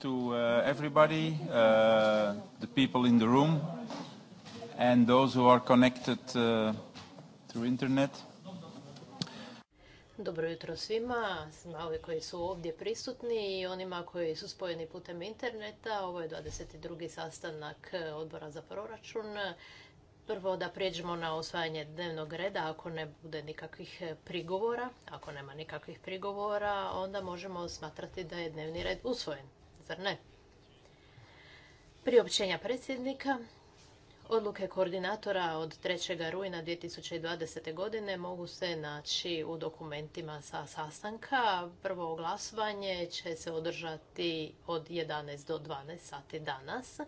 to uh, everybody, uh, the people in the room, and those who are connected uh, through internet. Dobro jutro svima, svima koji su ovdje prisutni i onima koji su spojeni putem interneta. Ovo je 22. sastanak odbora za proračun. Prvo da prijeđemo na osvajanje dnevnog reda ako ne bude nikakvih prigovora. Ako nema nikakvih prigovora, onda možemo smatrati da je dnevni red usvojen zar ne? Priopćenja predsjednika. Odluke koordinatora od 3. rujna 2020. godine mogu se naći u dokumentima sa sastanka. Prvo glasovanje će se održati od 11 do 12 sati danas.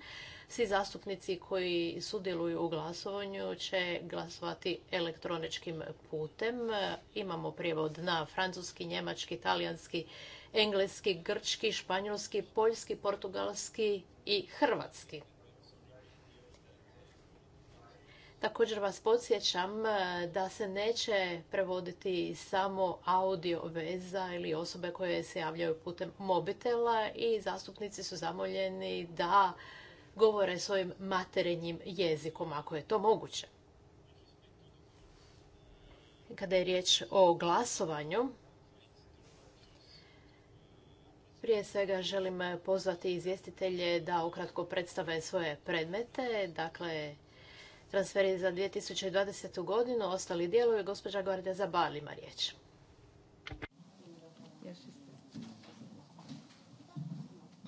Svi zastupnici koji sudjeluju u glasovanju će glasovati elektroničkim putem. Imamo prijevod na francuski, njemački, talijanski, engleski, grčki, španjolski, poljski, portugalski i hrvatski. Također vas podsjećam e, da se neće prevoditi samo audio veza ili osobe koje se javljaju putem mobitela i zastupnici su zamoljeni da govore svojim materinjim jezikom, ako je to moguće. Kada je riječ o glasovanju, prije svega želim eh, pozvati izvjestitelje da ukratko predstave svoje predmete. Dakle, transferi za 2020. godinu, ostali dijelovi, gospođa Gvardija Zabal ima riječ.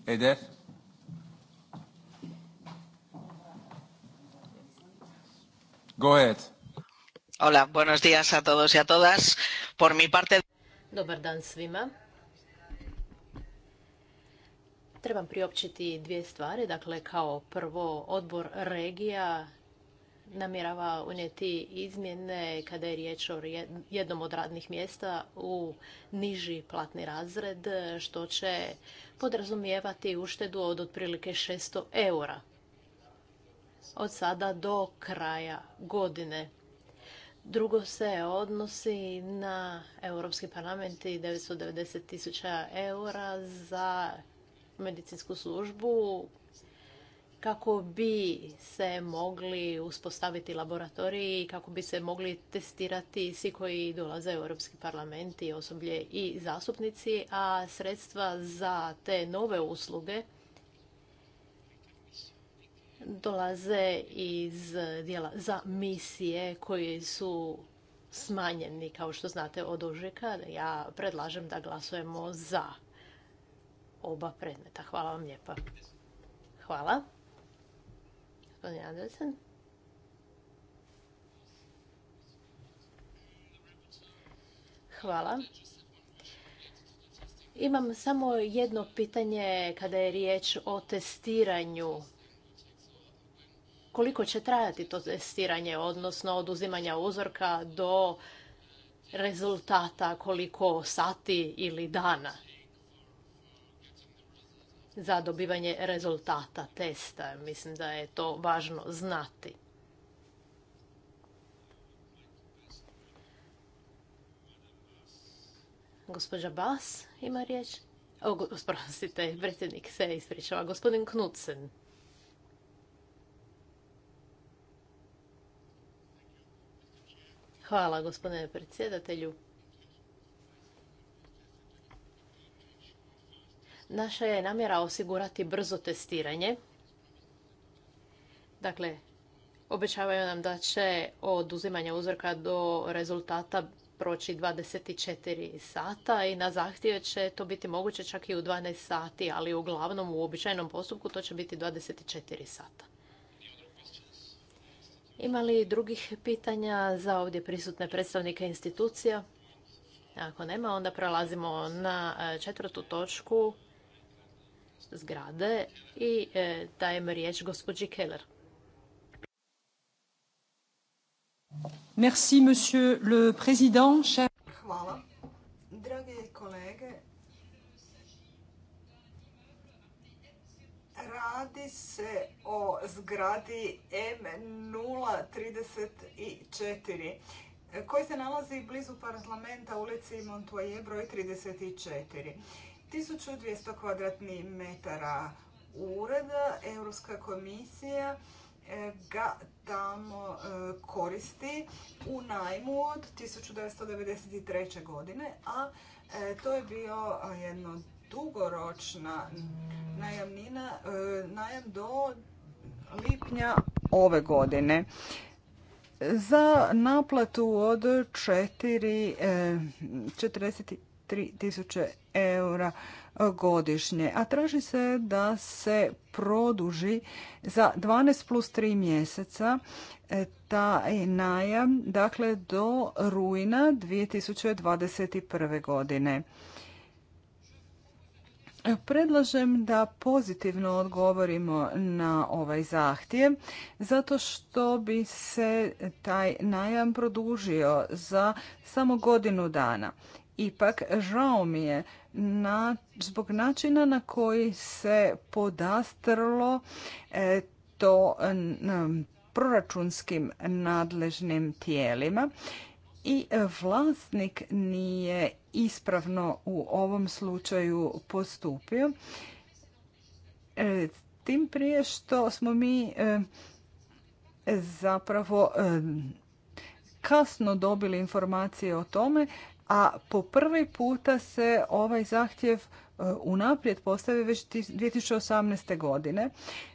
Eder? Go ahead. Hola, buenos días a todos y a todas. Por mi parte... Dobar dan svima trebam priopćiti dvije stvari. Dakle, kao prvo, odbor regija namjerava unijeti izmjene kada je riječ o jednom od radnih mjesta u niži platni razred, što će podrazumijevati uštedu od otprilike 600 eura od sada do kraja godine. Drugo se odnosi na Europski parlament i 990 tisuća eura za medicinsku službu kako bi se mogli uspostaviti laboratoriji i kako bi se mogli testirati svi koji dolaze u Europski parlament i osoblje i zastupnici, a sredstva za te nove usluge dolaze iz dijela za misije koji su smanjeni, kao što znate, od ožujka. Ja predlažem da glasujemo za oba predmeta. Hvala vam lijepa. Hvala. Gospodin Hvala. Imam samo jedno pitanje kada je riječ o testiranju. Koliko će trajati to testiranje, odnosno od uzimanja uzorka do rezultata koliko sati ili dana? za dobivanje rezultata testa. Mislim da je to važno znati. Gospođa Bas ima riječ. O, predsjednik se ispričava. Gospodin Knudsen. Hvala, gospodine predsjedatelju. Naša je namjera osigurati brzo testiranje. Dakle, obećavaju nam da će od uzimanja uzorka do rezultata proći 24 sata i na zahtjeve će to biti moguće čak i u 12 sati, ali uglavnom u običajnom postupku to će biti 24 sata. Ima li drugih pitanja za ovdje prisutne predstavnike institucija? Ako nema, onda prelazimo na e, četvrtu točku zgrade i e, dajem riječ gospođi Keller. Merci, monsieur le président. Hvala. Drage kolege, radi se o zgradi M034 e, koji se nalazi blizu parlamenta ulici Montoyer broj 34. 1200 kvadratnih metara ureda Europska komisija e, ga tamo e, koristi u najmu od 1993. godine, a e, to je bio jedna dugoročna najamnina, najam do lipnja ove godine. Za naplatu od 4, 43 tisuće eura godišnje, a traži se da se produži za 12 plus 3 mjeseca e, taj najam, dakle do rujna 2021. godine. Predlažem da pozitivno odgovorimo na ovaj zahtjev zato što bi se taj najam produžio za samo godinu dana Ipak, žao mi je na, zbog načina na koji se podastrlo e, to proračunskim nadležnim tijelima i vlasnik nije ispravno u ovom slučaju postupio. E, tim prije što smo mi e, zapravo kasno dobili informacije o tome a po prvi puta se ovaj zahtjev e, unaprijed postavio već 2018. godine.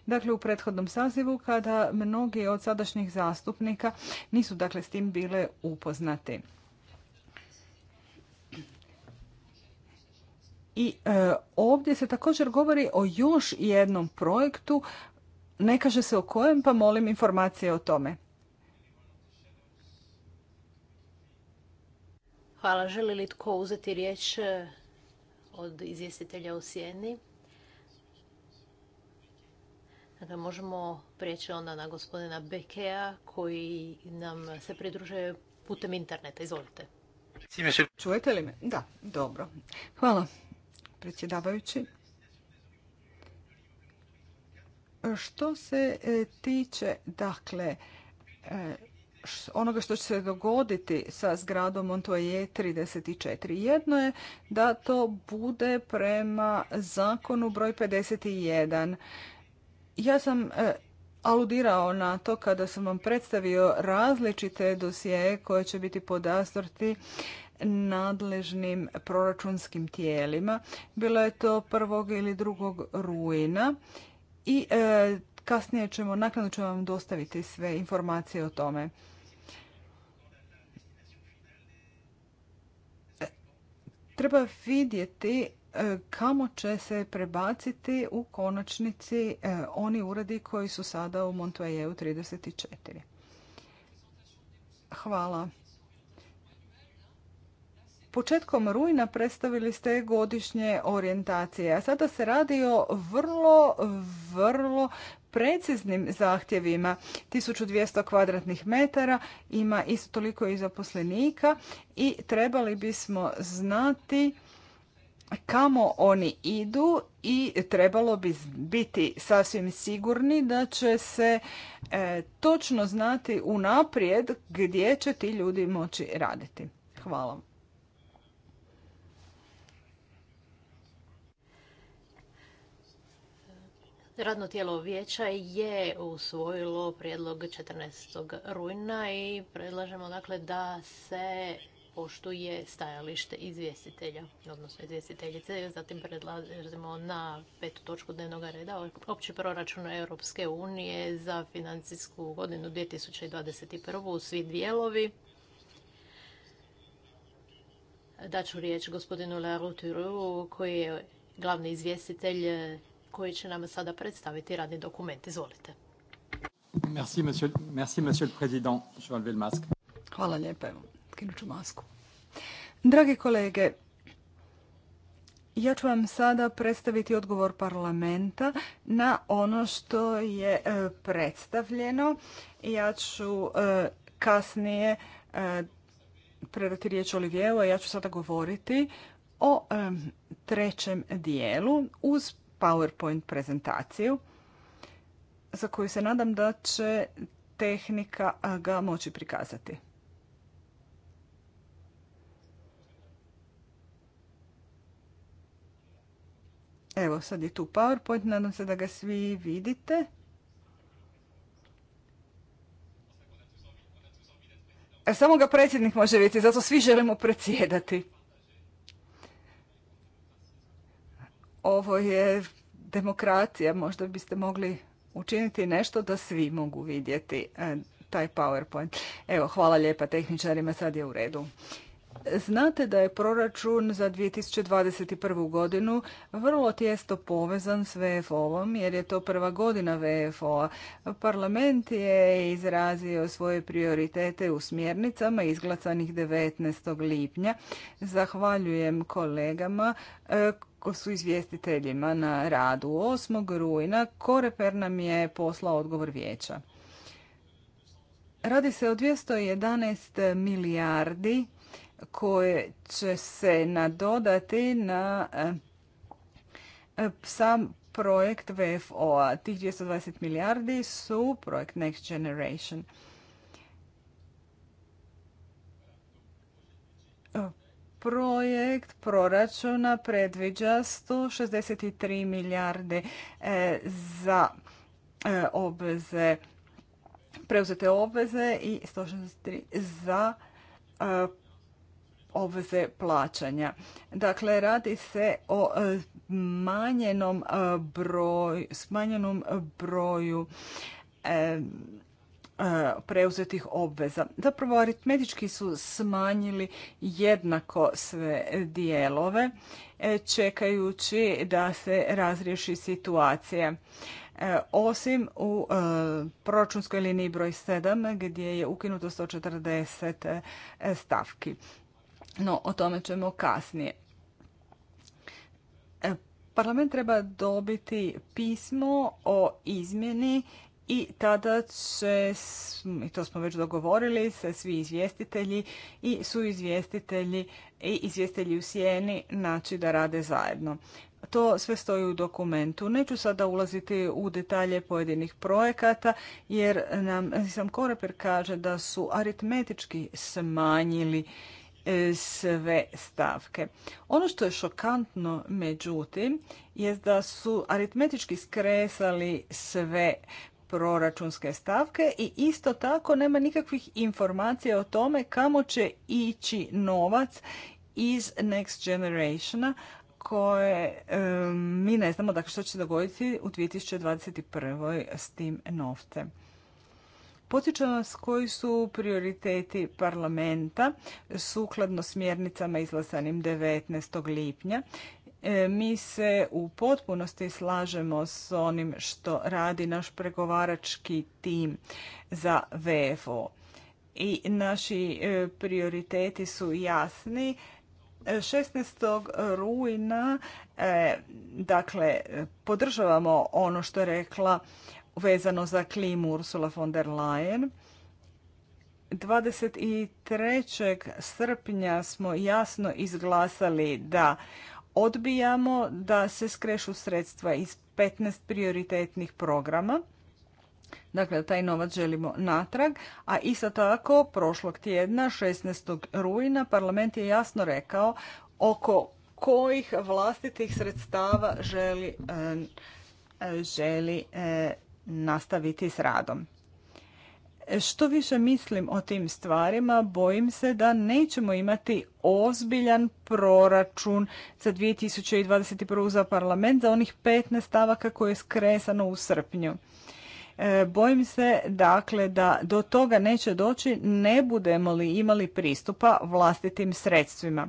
Dakle, u prethodnom sazivu kada mnogi od sadašnjih zastupnika nisu dakle s tim bile upoznati. I e, ovdje se također govori o još jednom projektu, ne kaže se o kojem, pa molim informacije o tome. Hvala. Želi li tko uzeti riječ e, od izvjestitelja u Sijeni? Dakle, možemo prijeći onda na gospodina Bekea koji nam se pridružuje putem interneta. Izvolite. Čujete li me? Da, dobro. Hvala, predsjedavajući. Što se e, tiče, dakle, e, onoga što će se dogoditi sa zgradom Montoje 34. Jedno je da to bude prema zakonu broj 51. Ja sam e, aludirao na to kada sam vam predstavio različite dosije koje će biti podastrti nadležnim proračunskim tijelima. Bilo je to prvog ili drugog rujna i e, kasnije ćemo, naknadno ćemo vam dostaviti sve informacije o tome. Treba vidjeti e, kamo će se prebaciti u konačnici e, oni uredi koji su sada u Montoyeu 34. Hvala. Početkom rujna predstavili ste godišnje orijentacije, a sada se radi o vrlo, vrlo preciznim zahtjevima 1200 kvadratnih metara ima isto toliko i zaposlenika i trebali bismo znati kamo oni idu i trebalo bi biti sasvim sigurni da će se e, točno znati unaprijed gdje će ti ljudi moći raditi. Hvala. Radno tijelo vijeća je usvojilo prijedlog 14. rujna i predlažemo dakle da se poštuje stajalište izvjestitelja, odnosno izvjestiteljice. Zatim predlažemo na petu točku dnevnog reda opći proračun Europske unije za financijsku godinu 2021. Svi dijelovi. Daću riječ gospodinu Leroux-Turu koji je glavni izvjestitelj koji će nam sada predstaviti radni dokument. Izvolite. Merci, Hvala lijepa, evo, skinut ću masku. Dragi kolege, ja ću vam sada predstaviti odgovor parlamenta na ono što je e, predstavljeno. Ja ću e, kasnije e, predati riječ Olivijevo a ja ću sada govoriti o trećem dijelu uz PowerPoint prezentaciju za koju se nadam da će tehnika ga moći prikazati. Evo, sad je tu PowerPoint, nadam se da ga svi vidite. E, samo ga predsjednik može vidjeti, zato svi želimo predsjedati. ovo je demokracija, možda biste mogli učiniti nešto da svi mogu vidjeti e, taj PowerPoint. Evo, hvala lijepa tehničarima, sad je u redu. Znate da je proračun za 2021. godinu vrlo tijesto povezan s VFO-om jer je to prva godina VFO-a. Parlament je izrazio svoje prioritete u smjernicama izglacanih 19. lipnja. Zahvaljujem kolegama eh, ko su izvjestiteljima na radu. 8. rujna Koreper nam je poslao odgovor vijeća. Radi se o 211 milijardi koje će se nadodati na eh, eh, sam projekt VFO-a. Tih 220 milijardi su projekt Next Generation. Projekt proračuna predviđa 163 milijarde eh, za obveze, preuzete obveze i 163 za obveze plaćanja. Dakle, radi se o e, e, smanjenom broju e, preuzetih obveza. Zapravo, aritmetički su smanjili jednako sve dijelove, čekajući da se razriješi situacija. Osim u proračunskoj liniji broj 7, gdje je ukinuto 140 stavki no o tome ćemo kasnije. E, parlament treba dobiti pismo o izmjeni i tada će, i to smo već dogovorili, se svi izvjestitelji i su izvjestitelji i izvjestitelji u sjeni naći da rade zajedno. To sve stoji u dokumentu. Neću sada ulaziti u detalje pojedinih projekata jer nam sam Koreper kaže da su aritmetički smanjili E, sve stavke. Ono što je šokantno, međutim, je da su aritmetički skresali sve proračunske stavke i isto tako nema nikakvih informacija o tome kamo će ići novac iz Next Generationa koje mi ne znamo dakle što će se dogoditi u 2021. s tim novcem. Potiče nas koji su prioriteti parlamenta sukladno smjernicama izlasanim 19. lipnja. E, mi se u potpunosti slažemo s onim što radi naš pregovarački tim za VFO. I naši e, prioriteti su jasni. 16. rujna e, dakle podržavamo ono što je rekla vezano za klimu Ursula von der Leyen. 23. srpnja smo jasno izglasali da odbijamo da se skrešu sredstva iz 15 prioritetnih programa. Dakle, taj novac želimo natrag, a isto tako prošlog tjedna, 16. rujna, parlament je jasno rekao oko kojih vlastitih sredstava želi, eh, želi eh, nastaviti s radom. Što više mislim o tim stvarima, bojim se da nećemo imati ozbiljan proračun za 2021. za parlament za onih 15 stavaka koje je skresano u srpnju. E, bojim se dakle da do toga neće doći ne budemo li imali pristupa vlastitim sredstvima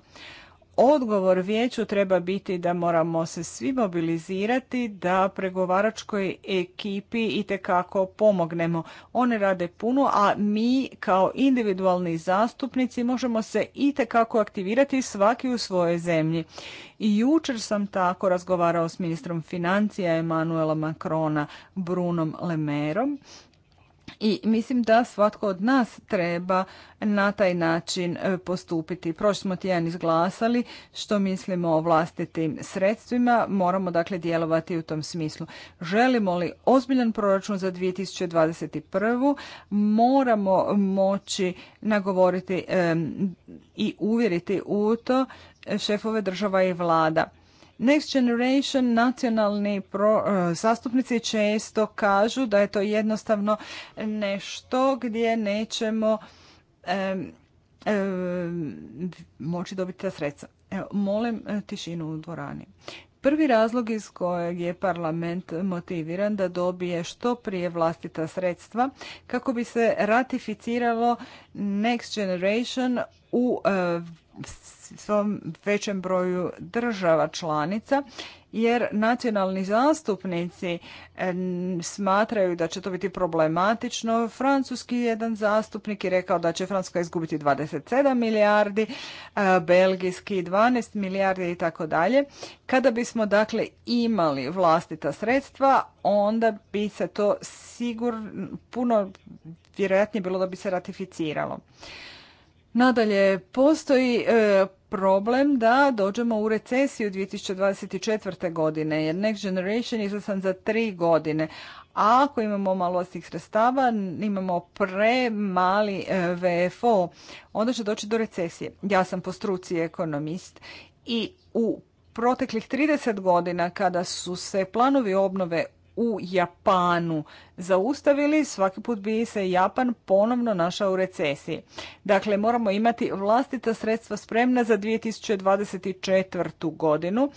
odgovor vijeću treba biti da moramo se svi mobilizirati da pregovaračkoj ekipi i kako pomognemo. One rade puno, a mi kao individualni zastupnici možemo se i kako aktivirati svaki u svojoj zemlji. I jučer sam tako razgovarao s ministrom financija Emanuela Macrona Brunom Lemerom i mislim da svatko od nas treba na taj način e, postupiti. Prošli smo tjedan izglasali što mislimo o vlastitim sredstvima. Moramo dakle djelovati u tom smislu. Želimo li ozbiljan proračun za 2021. moramo moći nagovoriti i uvjeriti u to šefove država i vlada Next Generation nacionalni pro, e, zastupnici često kažu da je to jednostavno nešto gdje nećemo e, e, moći dobiti ta sredstva. Evo, molim tišinu u dvorani. Prvi razlog iz kojeg je parlament motiviran da dobije što prije vlastita sredstva kako bi se ratificiralo Next Generation u svom većem broju država članica jer nacionalni zastupnici e, smatraju da će to biti problematično. Francuski jedan zastupnik je rekao da će Francuska izgubiti 27 milijardi, e, belgijski 12 milijardi i tako dalje. Kada bismo dakle imali vlastita sredstva, onda bi se to sigurno puno vjerojatnije bilo da bi se ratificiralo. Nadalje, postoji e, problem da dođemo u recesiju 2024. godine, jer Next Generation izlasan za tri godine. A ako imamo malo vlastnih sredstava, imamo premali e, VFO, onda će doći do recesije. Ja sam po struci ekonomist i u proteklih 30 godina kada su se planovi obnove u Japanu zaustavili, svaki put bi se Japan ponovno našao u recesiji. Dakle, moramo imati vlastita sredstva spremna za 2024. godinu,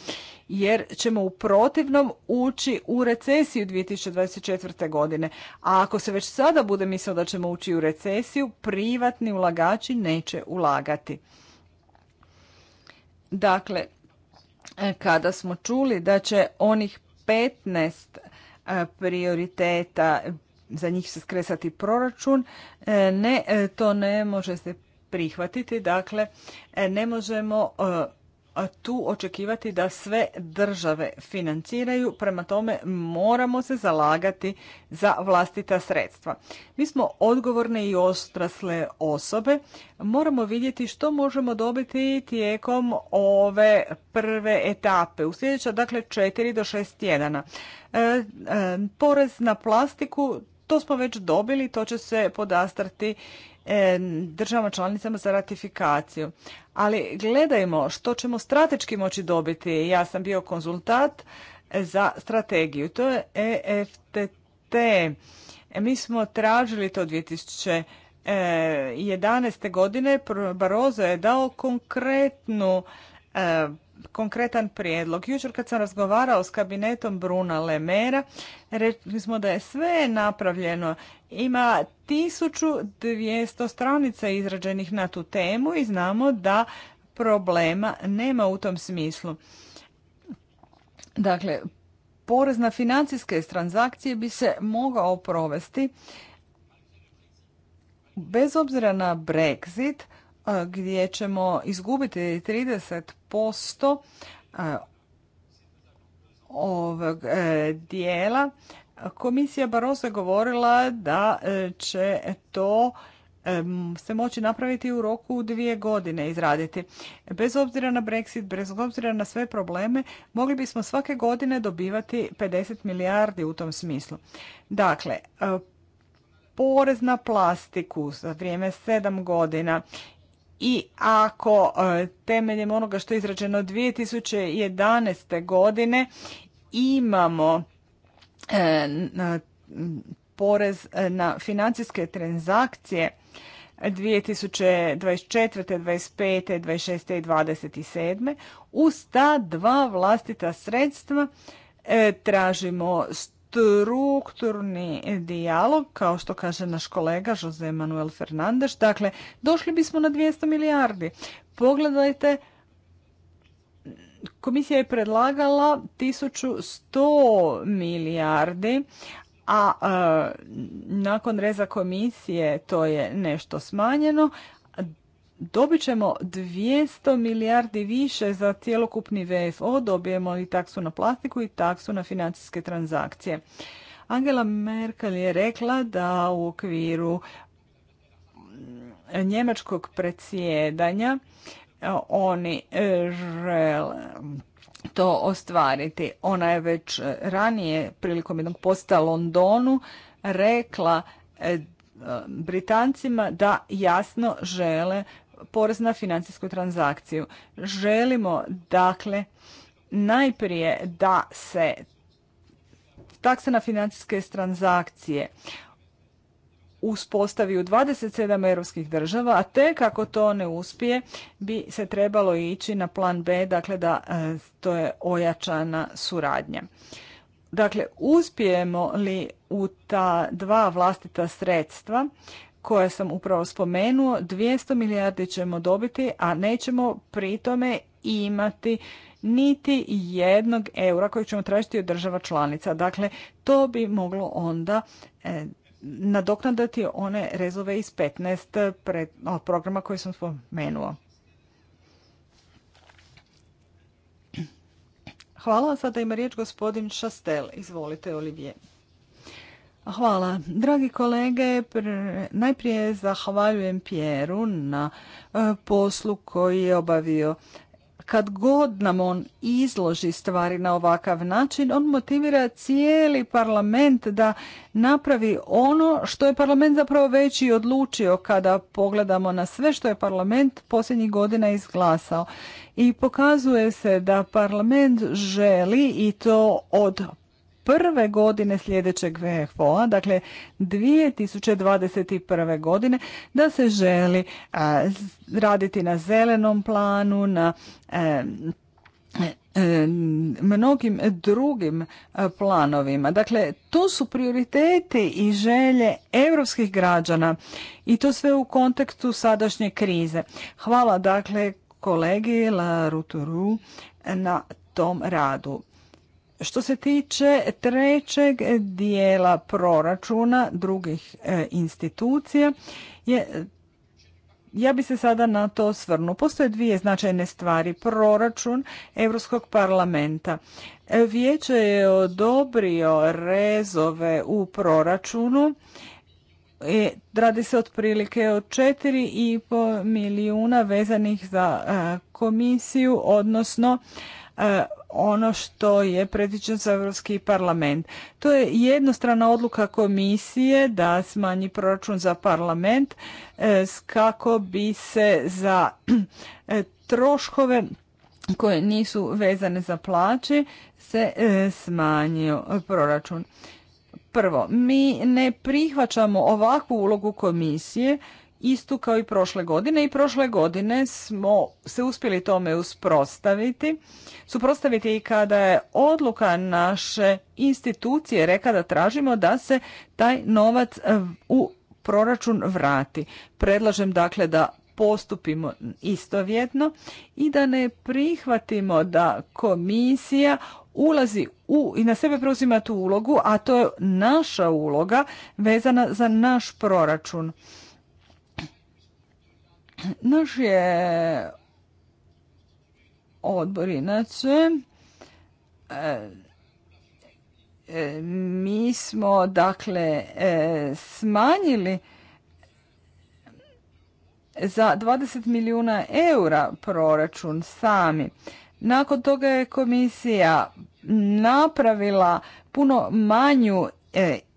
jer ćemo u protivnom ući u recesiju 2024. godine. A ako se već sada bude mislio da ćemo ući u recesiju, privatni ulagači neće ulagati. Dakle, e, kada smo čuli da će onih 15 prioriteta, za njih se skresati proračun. E, ne, e, to ne može se prihvatiti, dakle e, ne možemo tu očekivati da sve države financiraju, prema tome moramo se zalagati za vlastita sredstva. Mi smo odgovorne i ostrasle osobe, moramo vidjeti što možemo dobiti tijekom ove prve etape. U sljedeća, dakle, 4 do šest tjedana. E, e, porez na plastiku, to smo već dobili, to će se podastrati E, državama članicama za ratifikaciju. Ali gledajmo što ćemo strateški moći dobiti. Ja sam bio konzultat za strategiju. To je EFTT. E, mi smo tražili to 2011. E, godine. Barozo je dao konkretnu konkretan prijedlog. Jučer kad sam razgovarao s kabinetom Bruna Lemera, rekli smo da je sve napravljeno. Ima 1200 stranica izrađenih na tu temu i znamo da problema nema u tom smislu. Dakle, porez na financijske transakcije bi se mogao provesti bez obzira na Brexit, gdje ćemo izgubiti 30% eh, ovog eh, dijela. Komisija Barroso je govorila da eh, će to se moći napraviti u roku dvije godine izraditi. Bez obzira na Brexit, bez obzira na sve probleme, mogli bismo svake godine dobivati 50 milijardi u tom smislu. Dakle, porez na plastiku za vrijeme sedam godina i ako e, temeljem onoga što je izrađeno 2011. godine imamo e, porez e, na financijske transakcije 2024., 25., 26. i 27. Uz ta dva vlastita sredstva tražimo strukturni dijalog, kao što kaže naš kolega Jose Manuel Fernandez. Dakle, došli bismo na 200 milijardi. Pogledajte, komisija je predlagala 1100 milijardi, a e, nakon reza komisije to je nešto smanjeno, dobit ćemo 200 milijardi više za cijelokupni VFO, dobijemo i taksu na plastiku i taksu na financijske transakcije. Angela Merkel je rekla da u okviru njemačkog predsjedanja e, oni e, žele to ostvariti. Ona je već ranije prilikom jednog posta Londonu rekla e, Britancima da jasno žele porez na financijsku transakciju. Želimo dakle najprije da se taksa na financijske transakcije uspostavi u 27 europskih država, a te kako to ne uspije bi se trebalo ići na plan B, dakle da e, to je ojačana suradnja. Dakle, uspijemo li u ta dva vlastita sredstva koje sam upravo spomenuo, 200 milijardi ćemo dobiti, a nećemo pri tome imati niti jednog eura kojeg ćemo tražiti od država članica. Dakle, to bi moglo onda e, nadoknadati one rezove iz 15 programa koje sam spomenuo. Hvala. Sada ima riječ gospodin Šastel. Izvolite, Olivije. Hvala. Dragi kolege, najprije zahvaljujem Pjeru na e, poslu koji je obavio. Kad god nam on izloži stvari na ovakav način, on motivira cijeli parlament da napravi ono što je parlament zapravo već i odlučio kada pogledamo na sve što je parlament posljednjih godina izglasao. I pokazuje se da parlament želi i to od prve godine sljedećeg VFO-a, dakle 2021. godine, da se želi raditi na zelenom planu, na e, e, mnogim drugim e, planovima. Dakle, to su prioriteti i želje europskih građana i to sve u kontekstu sadašnje krize. Hvala dakle kolegi La Ruturu na tom radu. Što se tiče trećeg dijela proračuna drugih e, institucija, je, ja bi se sada na to svrnu. Postoje dvije značajne stvari. Proračun Europskog parlamenta. E, Vijeće je odobrio rezove u proračunu. E, radi se otprilike od 4,5 milijuna vezanih za komisiju, odnosno E, ono što je predviđeno za Europski parlament. To je jednostrana odluka komisije da smanji proračun za parlament e, kako bi se za e, troškove koje nisu vezane za plaće se smanjio proračun. Prvo, mi ne prihvaćamo ovakvu ulogu komisije istu kao i prošle godine i prošle godine smo se uspjeli tome usprostaviti, suprostaviti i kada je odluka naše institucije reka da tražimo da se taj novac u proračun vrati. Predlažem dakle da postupimo istovjetno i da ne prihvatimo da komisija ulazi u i na sebe preuzima tu ulogu, a to je naša uloga vezana za naš proračun. Naš je odbor inače e, e, mi smo dakle e, smanjili za 20 milijuna eura proračun sami. Nakon toga je komisija napravila puno manju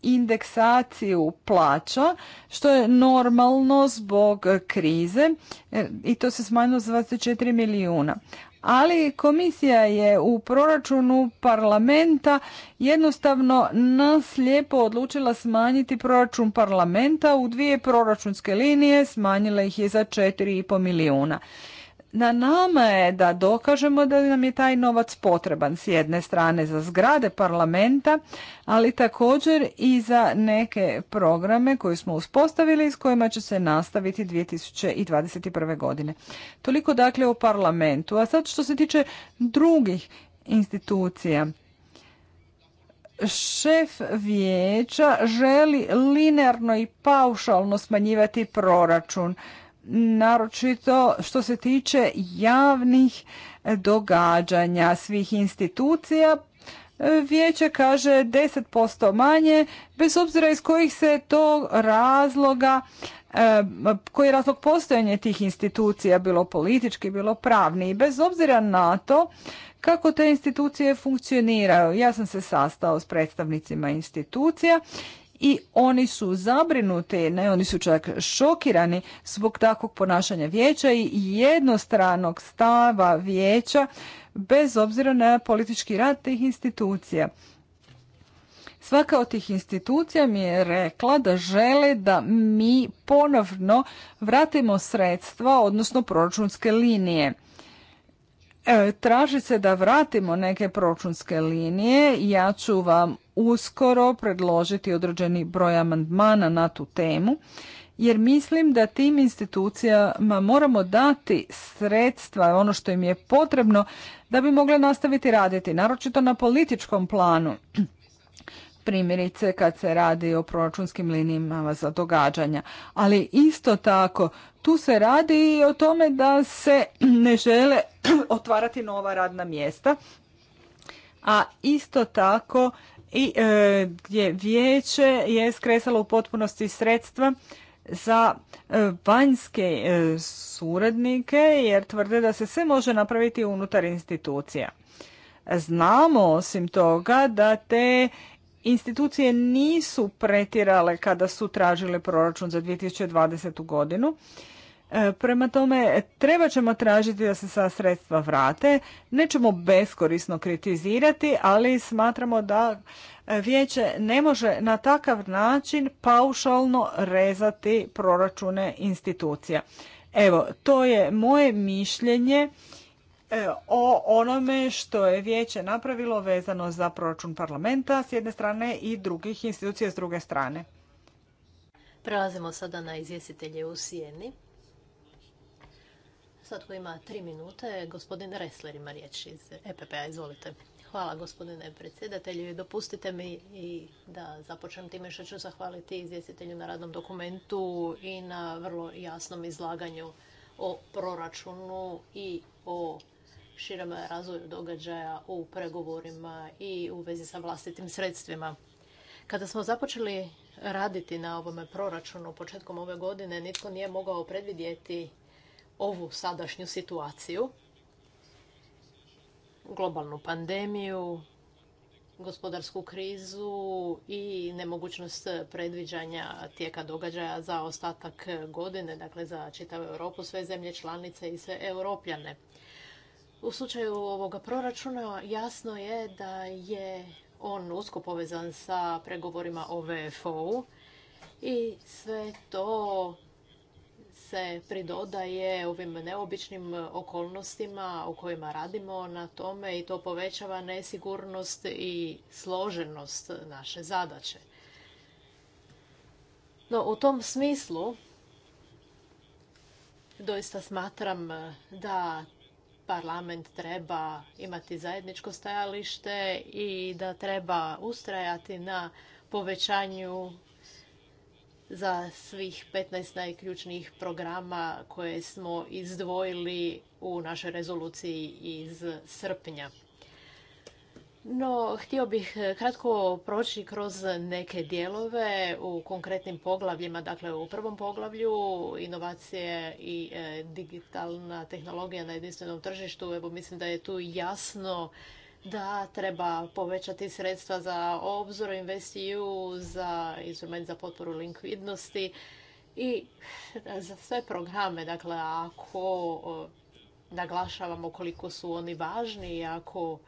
indeksaciju plaća, što je normalno zbog krize e, i to se smanjilo za 24 milijuna. Ali komisija je u proračunu parlamenta jednostavno naslijepo odlučila smanjiti proračun parlamenta u dvije proračunske linije, smanjila ih je za 4,5 milijuna na nama je da dokažemo da nam je taj novac potreban s jedne strane za zgrade parlamenta, ali također i za neke programe koje smo uspostavili i s kojima će se nastaviti 2021. godine. Toliko dakle o parlamentu. A sad što se tiče drugih institucija. Šef vijeća želi linearno i paušalno smanjivati proračun naročito što se tiče javnih događanja svih institucija. Vijeće kaže 10% manje, bez obzira iz kojih se to razloga, e, koji je razlog postojanja tih institucija, bilo politički, bilo pravni. I bez obzira na to kako te institucije funkcioniraju. Ja sam se sastao s predstavnicima institucija i oni su zabrinuti, ne, oni su čak šokirani zbog takvog ponašanja vijeća i jednostranog stava vijeća bez obzira na politički rad tih institucija. Svaka od tih institucija mi je rekla da žele da mi ponovno vratimo sredstva, odnosno proračunske linije. E, traži se da vratimo neke proračunske linije. Ja ću vam uskoro predložiti određeni broj amandmana na tu temu jer mislim da tim institucijama moramo dati sredstva, ono što im je potrebno da bi mogle nastaviti raditi, naročito na političkom planu. Primjerice kad se radi o proračunskim linijama za događanja. Ali isto tako, tu se radi i o tome da se ne žele otvarati nova radna mjesta, a isto tako i e, gdje vijeće je skresalo u potpunosti sredstva za e, vanjske e, suradnike jer tvrde da se sve može napraviti unutar institucija. Znamo osim toga da te institucije nisu pretirale kada su tražile proračun za 2020. godinu E, prema tome, treba ćemo tražiti da se sva sredstva vrate. Nećemo beskorisno kritizirati, ali smatramo da e, vijeće ne može na takav način paušalno rezati proračune institucija. Evo, to je moje mišljenje e, o onome što je vijeće napravilo vezano za proračun parlamenta s jedne strane i drugih institucija s druge strane. Prelazimo sada na izvjestitelje u Sijeni tu ima tri minute. Gospodin Resler ima riječ iz EPP-a. Izvolite. Hvala gospodine predsjedatelju. Dopustite mi i da započnem time što ću zahvaliti izvjestitelju na radnom dokumentu i na vrlo jasnom izlaganju o proračunu i o širem razvoju događaja u pregovorima i u vezi sa vlastitim sredstvima. Kada smo započeli raditi na ovome proračunu početkom ove godine, nitko nije mogao predvidjeti ovu sadašnju situaciju, globalnu pandemiju, gospodarsku krizu i nemogućnost predviđanja tijeka događaja za ostatak godine, dakle za čitavu Europu, sve zemlje članice i sve europljane. U slučaju ovoga proračuna jasno je da je on usko povezan sa pregovorima o VFO-u i sve to se pridodaje ovim neobičnim okolnostima u kojima radimo na tome i to povećava nesigurnost i složenost naše zadaće. No, u tom smislu doista smatram da parlament treba imati zajedničko stajalište i da treba ustrajati na povećanju za svih 15 najključnijih programa koje smo izdvojili u našoj rezoluciji iz srpnja. No, htio bih kratko proći kroz neke dijelove u konkretnim poglavljima. Dakle, u prvom poglavlju inovacije i e, digitalna tehnologija na jedinstvenom tržištu. Evo, mislim da je tu jasno da treba povećati sredstva za obzor, investiju, za instrument za potporu likvidnosti i za sve programe. Dakle, ako eh, naglašavamo koliko su oni važni i ako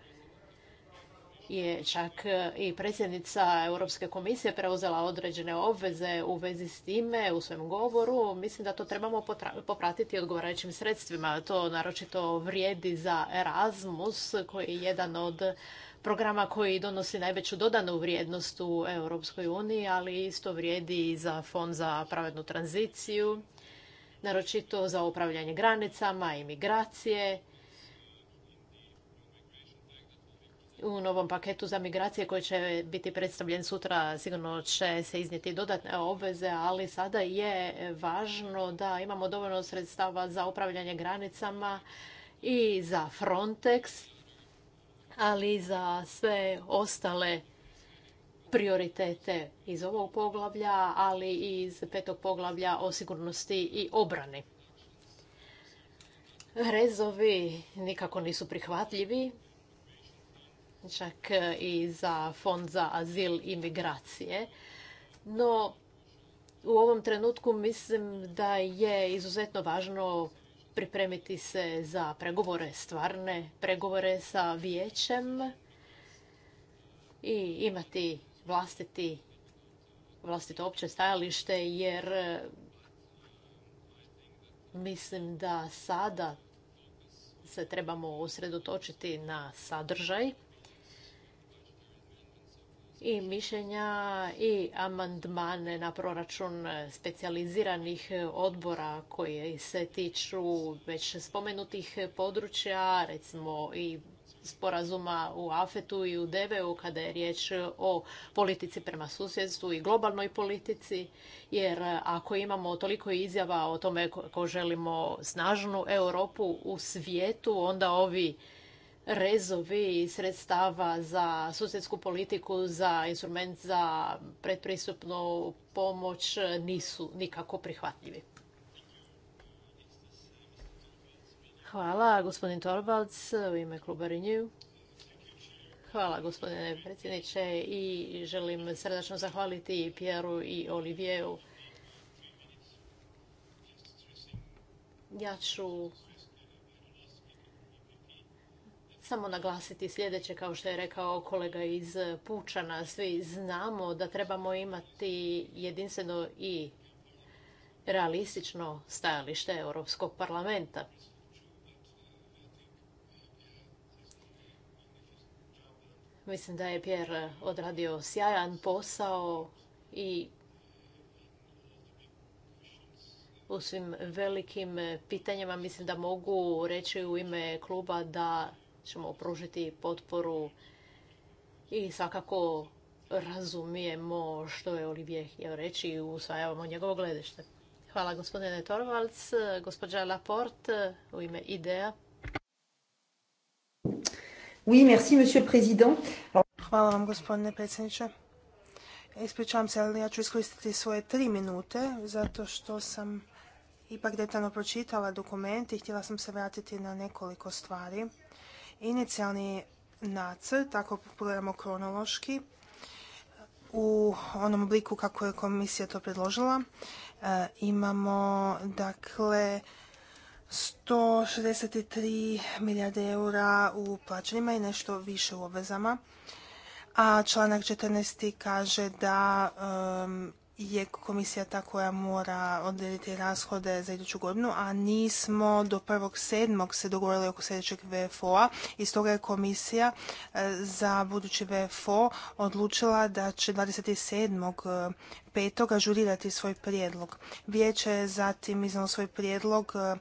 je čak e, i predsjednica Europske komisije preuzela određene obveze u vezi s time u svojem govoru. Mislim da to trebamo popratiti odgovarajućim sredstvima. To naročito vrijedi za Erasmus koji je jedan od programa koji donosi najveću dodanu vrijednost u Europskoj uniji, ali isto vrijedi i za Fond za pravednu tranziciju, naročito za upravljanje granicama i migracije u novom paketu za migracije koji će biti predstavljen sutra sigurno će se iznijeti dodatne obveze, ali sada je važno da imamo dovoljno sredstava za upravljanje granicama i za Frontex, ali i za sve ostale prioritete iz ovog poglavlja, ali i iz petog poglavlja o sigurnosti i obrani. Rezovi nikako nisu prihvatljivi čak e, i za Fond za azil i migracije. No, u ovom trenutku mislim da je izuzetno važno pripremiti se za pregovore, stvarne pregovore sa vijećem i imati vlastiti, vlastito opće stajalište jer e, mislim da sada se trebamo usredotočiti na sadržaj i mišljenja i amandmane na proračun specijaliziranih odbora koji se tiču već spomenutih područja, recimo i sporazuma u AFET-u i u deveu u kada je riječ o politici prema susjedstvu i globalnoj politici, jer ako imamo toliko izjava o tome ko želimo snažnu Europu u svijetu, onda ovi rezovi sredstava za susjedsku politiku, za instrument za pretpristupnu pomoć nisu nikako prihvatljivi. Hvala, gospodin Torvalds, u ime kluba Hvala, gospodine predsjedniče, i želim srdačno zahvaliti i Pjeru i Olivieru. Ja ću samo naglasiti sljedeće, kao što je rekao kolega iz Pučana, svi znamo da trebamo imati jedinstveno i realistično stajalište Europskog parlamenta. Mislim da je Pierre odradio sjajan posao i u svim velikim pitanjima mislim da mogu reći u ime kluba da ćemo pružiti potporu i svakako razumijemo što je Olivije htio reći i usvajavamo njegovo gledište. Hvala gospodine Torvalds. Gospođa Laporte u ime IDEA. Hvala vam gospodine predsjedniče. Ispričavam se, ali ja ću iskoristiti svoje tri minute, zato što sam ipak detaljno pročitala dokument i htjela sam se vratiti na nekoliko stvari Inicijalni nacrt, tako pogledamo kronološki, u onom obliku kako je komisija to predložila, e, imamo dakle 163 milijarde eura u plaćanjima i nešto više u obvezama. A članak 14. kaže da je komisija ta koja mora odrediti rashode za iduću godinu, a nismo do 1.7. se dogovorili oko sljedećeg VFO-a i stoga je komisija e, za budući VFO odlučila da će 27. E, petoga ažurirati svoj prijedlog. Vijeće je zatim iznalo svoj prijedlog e,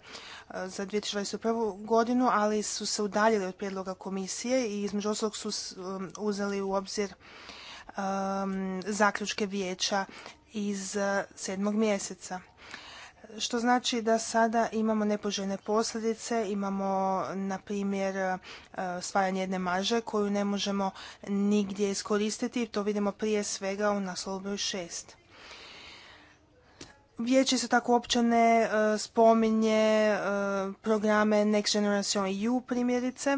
za 2021. godinu, ali su se udaljili od prijedloga komisije i između ostalog su uzeli u obzir zaključke vijeća iz e, sedmog mjeseca. Što znači da sada imamo nepoželjne posljedice, imamo na primjer e, svajanje jedne maže koju ne možemo nigdje iskoristiti, to vidimo prije svega u naslovu broj 6. Vijeće se tako uopće ne e, spominje programe Next Generation EU primjerice.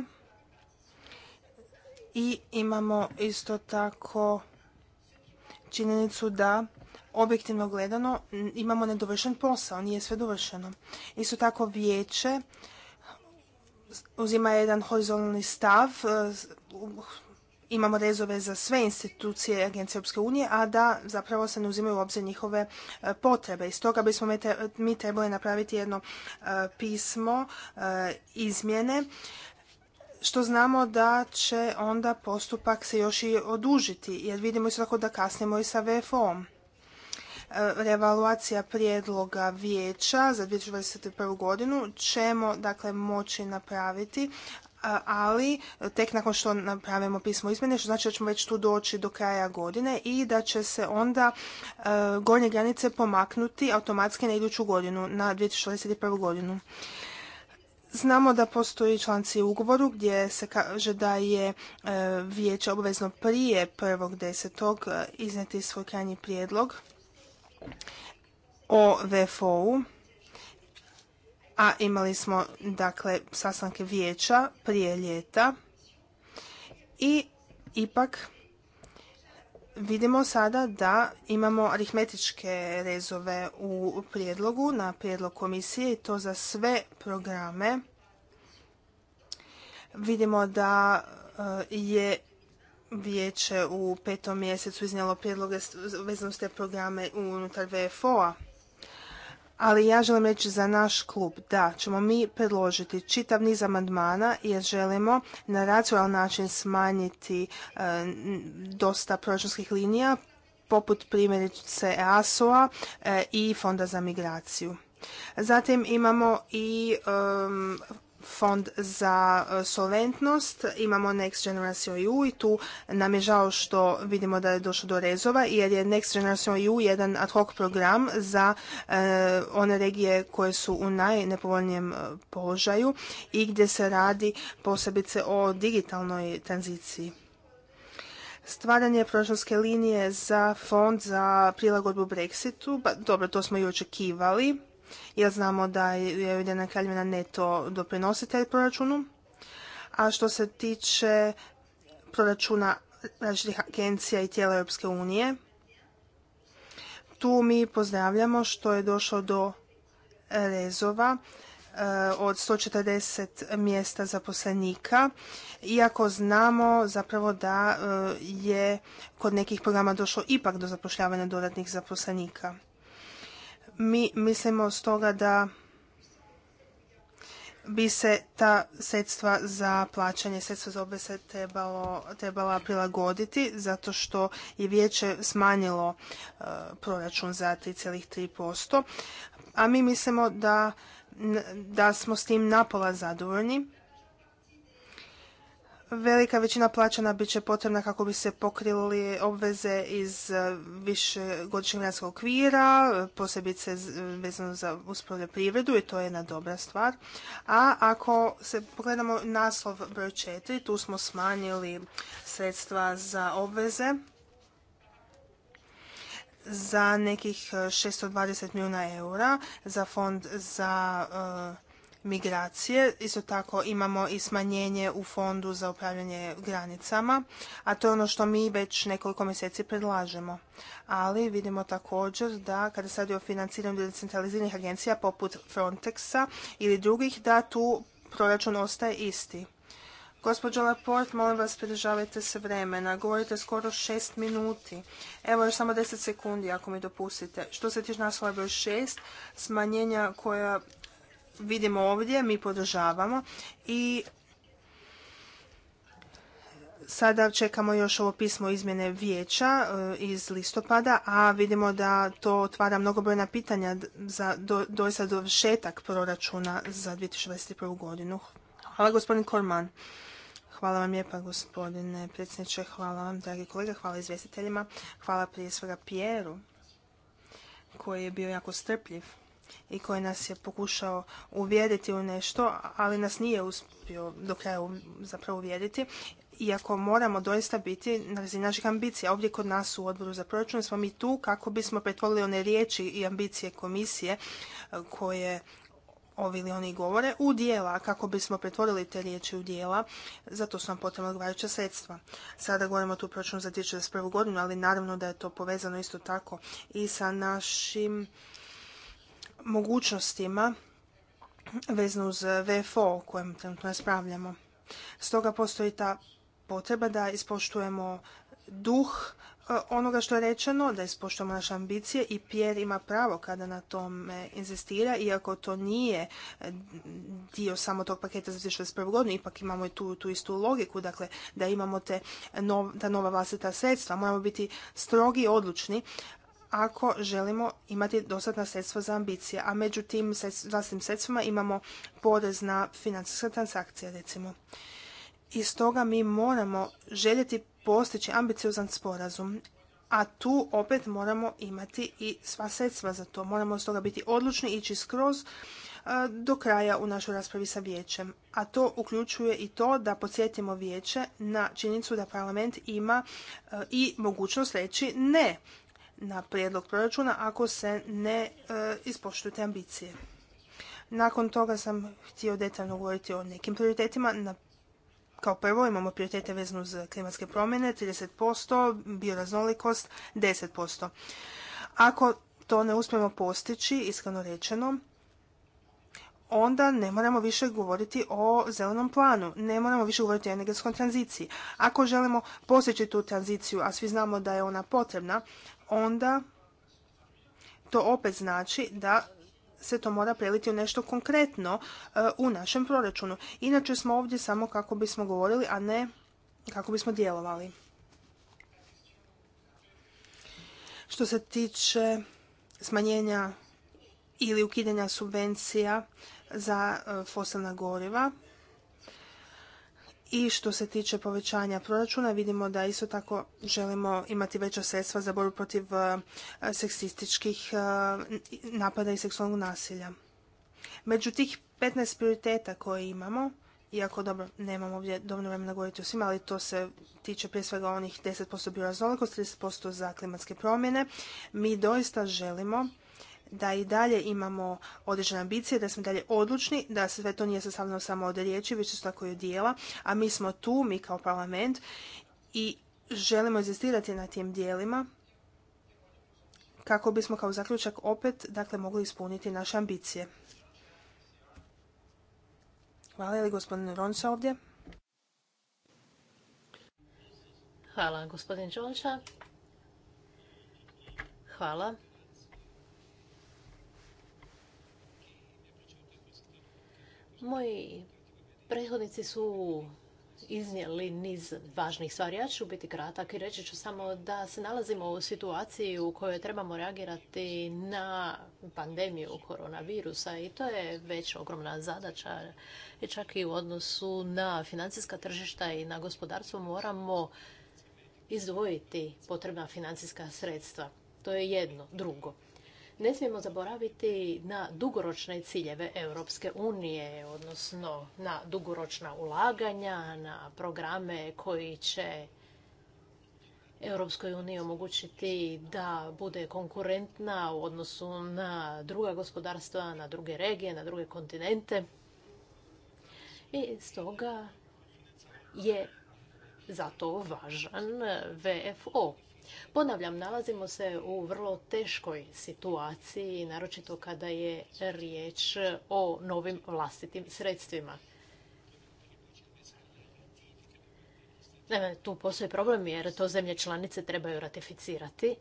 I imamo isto tako činjenicu da objektivno gledano imamo nedovršen posao, nije sve dovršeno. Isto tako vijeće uzima jedan horizontalni stav, e, imamo rezove za sve institucije Agencije Europske unije, a da zapravo se ne uzimaju u obzir njihove e, potrebe. I stoga bismo mi trebali napraviti jedno e, pismo izmjene što znamo da će onda postupak se još i odužiti, jer vidimo isto tako da kasnimo i sa VFO-om. E, revaluacija prijedloga vijeća za 2021. godinu ćemo dakle moći napraviti e, ali tek nakon što napravimo pismo izmjene, što znači da ćemo već tu doći do kraja godine i da će se onda e, gornje granice pomaknuti automatski na iduću godinu, na 2021. godinu. Znamo da postoji članci u ugovoru gdje se kaže da je vijeće obvezno prije 1.10. izneti svoj krajnji prijedlog o VFO-u, a imali smo dakle sastanke vijeća prije ljeta i ipak vidimo sada da imamo aritmetičke rezove u prijedlogu na prijedlog komisije i to za sve programe. Vidimo da e, je vijeće u petom mjesecu iznijelo prijedloge vezano s te programe unutar VFO-a. Ali ja želim reći za naš klub da ćemo mi predložiti čitav niz amandmana jer želimo na racionalan način smanjiti e, dosta proračunskih linija poput primjerice EASO-a e, i Fonda za migraciju. Zatim imamo i fond za e, solventnost, imamo Next Generation EU i tu nam je žao što vidimo da je došlo do rezova jer je Next Generation EU jedan ad hoc program za e, one regije koje su u najnepovoljnijem e, položaju i gdje se radi posebice o digitalnoj tranziciji stvaranje proračunske linije za fond za prilagodbu Brexitu, dobro, to smo i očekivali jer znamo da je Ujedinjena kraljevina neto doprinositelj proračunu. A što se tiče proračuna različitih agencija i tijela Europske unije, tu mi pozdravljamo što je došlo do rezova e, od 140 mjesta zaposlenika, iako znamo zapravo da e, je kod nekih programa došlo ipak do zapošljavanja dodatnih zaposlenika. Mi mislimo stoga da bi se ta sredstva za plaćanje, sredstva za obveze trebala prilagoditi zato što je vijeće smanjilo e, proračun za 3,3%, a mi mislimo da, da smo s tim napola zadovoljni Velika većina plaćana bit će potrebna kako bi se pokrili obveze iz e, višegodišnjeg gradskog okvira, posebice vezano za uz privredu i to je jedna dobra stvar. A ako se pogledamo naslov broj 4, tu smo smanjili sredstva za obveze za nekih 620 e, milijuna eura za fond za e, migracije. Isto tako imamo i smanjenje u fondu za upravljanje granicama, a to je ono što mi već nekoliko mjeseci predlažemo. Ali vidimo također da kada se radi o financiranju decentraliziranih agencija poput Frontexa ili drugih, da tu proračun ostaje isti. Gospođo Laport, molim vas, pridržavajte se vremena. Govorite skoro šest minuti. Evo još samo deset sekundi, ako mi dopustite. Što se tiče naslova broj šest, smanjenja koja vidimo ovdje, mi podržavamo i sada čekamo još ovo pismo izmjene vijeća e, iz listopada, a vidimo da to otvara mnogobrojna pitanja za do, doista dovršetak proračuna za 2021. godinu. Hvala gospodin Korman. Hvala vam lijepa gospodine predsjedniče, hvala vam dragi kolega, hvala izvjestiteljima, hvala prije svega Pijeru koji je bio jako strpljiv i koji nas je pokušao uvjeriti u nešto, ali nas nije uspio do kraja zapravo uvjeriti. Iako moramo doista biti na razini naših ambicija. Ovdje kod nas u odboru za proračun smo mi tu kako bismo pretvorili one riječi i ambicije komisije e, koje ovi ili oni govore u dijela, kako bismo pretvorili te riječi u dijela, zato su nam potrebna odgovarajuća sredstva. Sada govorimo tu proračun za 2021. godinu, ali naravno da je to povezano isto tako i sa našim mogućnostima vezno uz VFO o kojem trenutno raspravljamo. Stoga postoji ta potreba da ispoštujemo duh e, onoga što je rečeno, da ispoštujemo naše ambicije i Pjer ima pravo kada na tome inzistira, iako to nije e, dio samo tog paketa za 2021. godinu, ipak imamo i tu, istu logiku, dakle da imamo te ta nova vlastita sredstva. Moramo biti strogi i odlučni ako želimo imati dostatna sredstva za ambicije. A među tim vlastnim sredstvima imamo porez na financijske transakcije, recimo. I stoga mi moramo željeti postići ambiciozan sporazum. A tu opet moramo imati i sva sredstva za to. Moramo stoga biti odlučni, ići skroz e, do kraja u našoj raspravi sa vijećem. A to uključuje i to da podsjetimo vijeće na činjenicu da parlament ima e, i mogućnost reći ne na prijedlog proračuna ako se ne e, ispoštuju te ambicije. Nakon toga sam htio detaljno govoriti o nekim prioritetima. kao prvo imamo prioritete vezano uz klimatske promjene, 30%, bioraznolikost, 10%. Ako to ne uspijemo postići, iskreno rečeno, onda ne moramo više govoriti o zelenom planu, ne moramo više govoriti o energetskoj tranziciji. Ako želimo postići tu tranziciju, a svi znamo da je ona potrebna, onda to opet znači da se to mora preliti u nešto konkretno uh, u našem proračunu. Inače smo ovdje samo kako bismo govorili, a ne kako bismo djelovali. Što se tiče smanjenja ili ukidanja subvencija za uh, fosilna goriva, i što se tiče povećanja proračuna, vidimo da isto tako želimo imati veća sredstva za borbu protiv e, seksističkih e, napada i seksualnog nasilja. Među tih 15 prioriteta koje imamo, iako dobro, nemamo ovdje dovoljno vremena govoriti o svima, ali to se tiče prije svega onih 10% bioraznolikosti, 30% za klimatske promjene, mi doista želimo da i dalje imamo određene ambicije, da smo dalje odlučni, da sve to nije sastavljeno samo od riječi, već isto tako i od dijela, a mi smo tu, mi kao parlament, i želimo inzistirati na tim dijelima kako bismo kao zaključak opet dakle, mogli ispuniti naše ambicije. Hvala, je li gospodin Ronca ovdje? Hvala, gospodin Hvala. Moji prethodnici su iznijeli niz važnih stvari. Ja ću biti kratak i reći ću samo da se nalazimo u situaciji u kojoj trebamo reagirati na pandemiju koronavirusa i to je već ogromna zadaća. I čak i u odnosu na financijska tržišta i na gospodarstvo moramo izdvojiti potrebna financijska sredstva. To je jedno. Drugo, ne smijemo zaboraviti na dugoročne ciljeve Europske unije, odnosno na dugoročna ulaganja, na programe koji će Europskoj uniji omogućiti da bude konkurentna u odnosu na druga gospodarstva, na druge regije, na druge kontinente. I stoga je zato važan VFO Ponavljam, nalazimo se u vrlo teškoj situaciji, naročito kada je riječ o novim vlastitim sredstvima. Tu postoji problem jer to zemlje članice trebaju ratificirati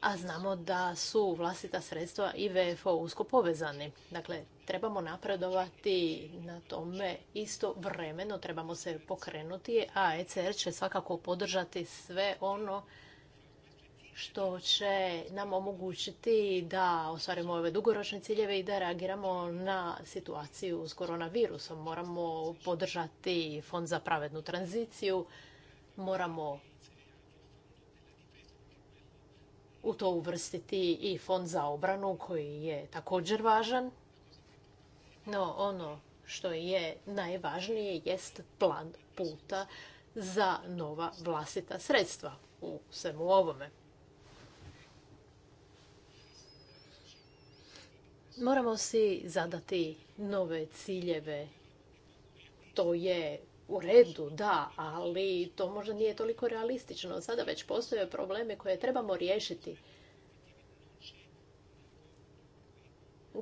a znamo da su vlastita sredstva i VFO usko povezani. Dakle, trebamo napredovati na tome isto vremeno, trebamo se pokrenuti, a ECR će svakako podržati sve ono što će nam omogućiti da ostvarimo ove dugoročne ciljeve i da reagiramo na situaciju s koronavirusom. Moramo podržati Fond za pravednu tranziciju, moramo u to uvrstiti i fond za obranu koji je također važan. No ono što je najvažnije jest plan puta za nova vlastita sredstva u svemu ovome. Moramo si zadati nove ciljeve. To je u redu, da, ali to možda nije toliko realistično. Sada već postoje probleme koje trebamo riješiti.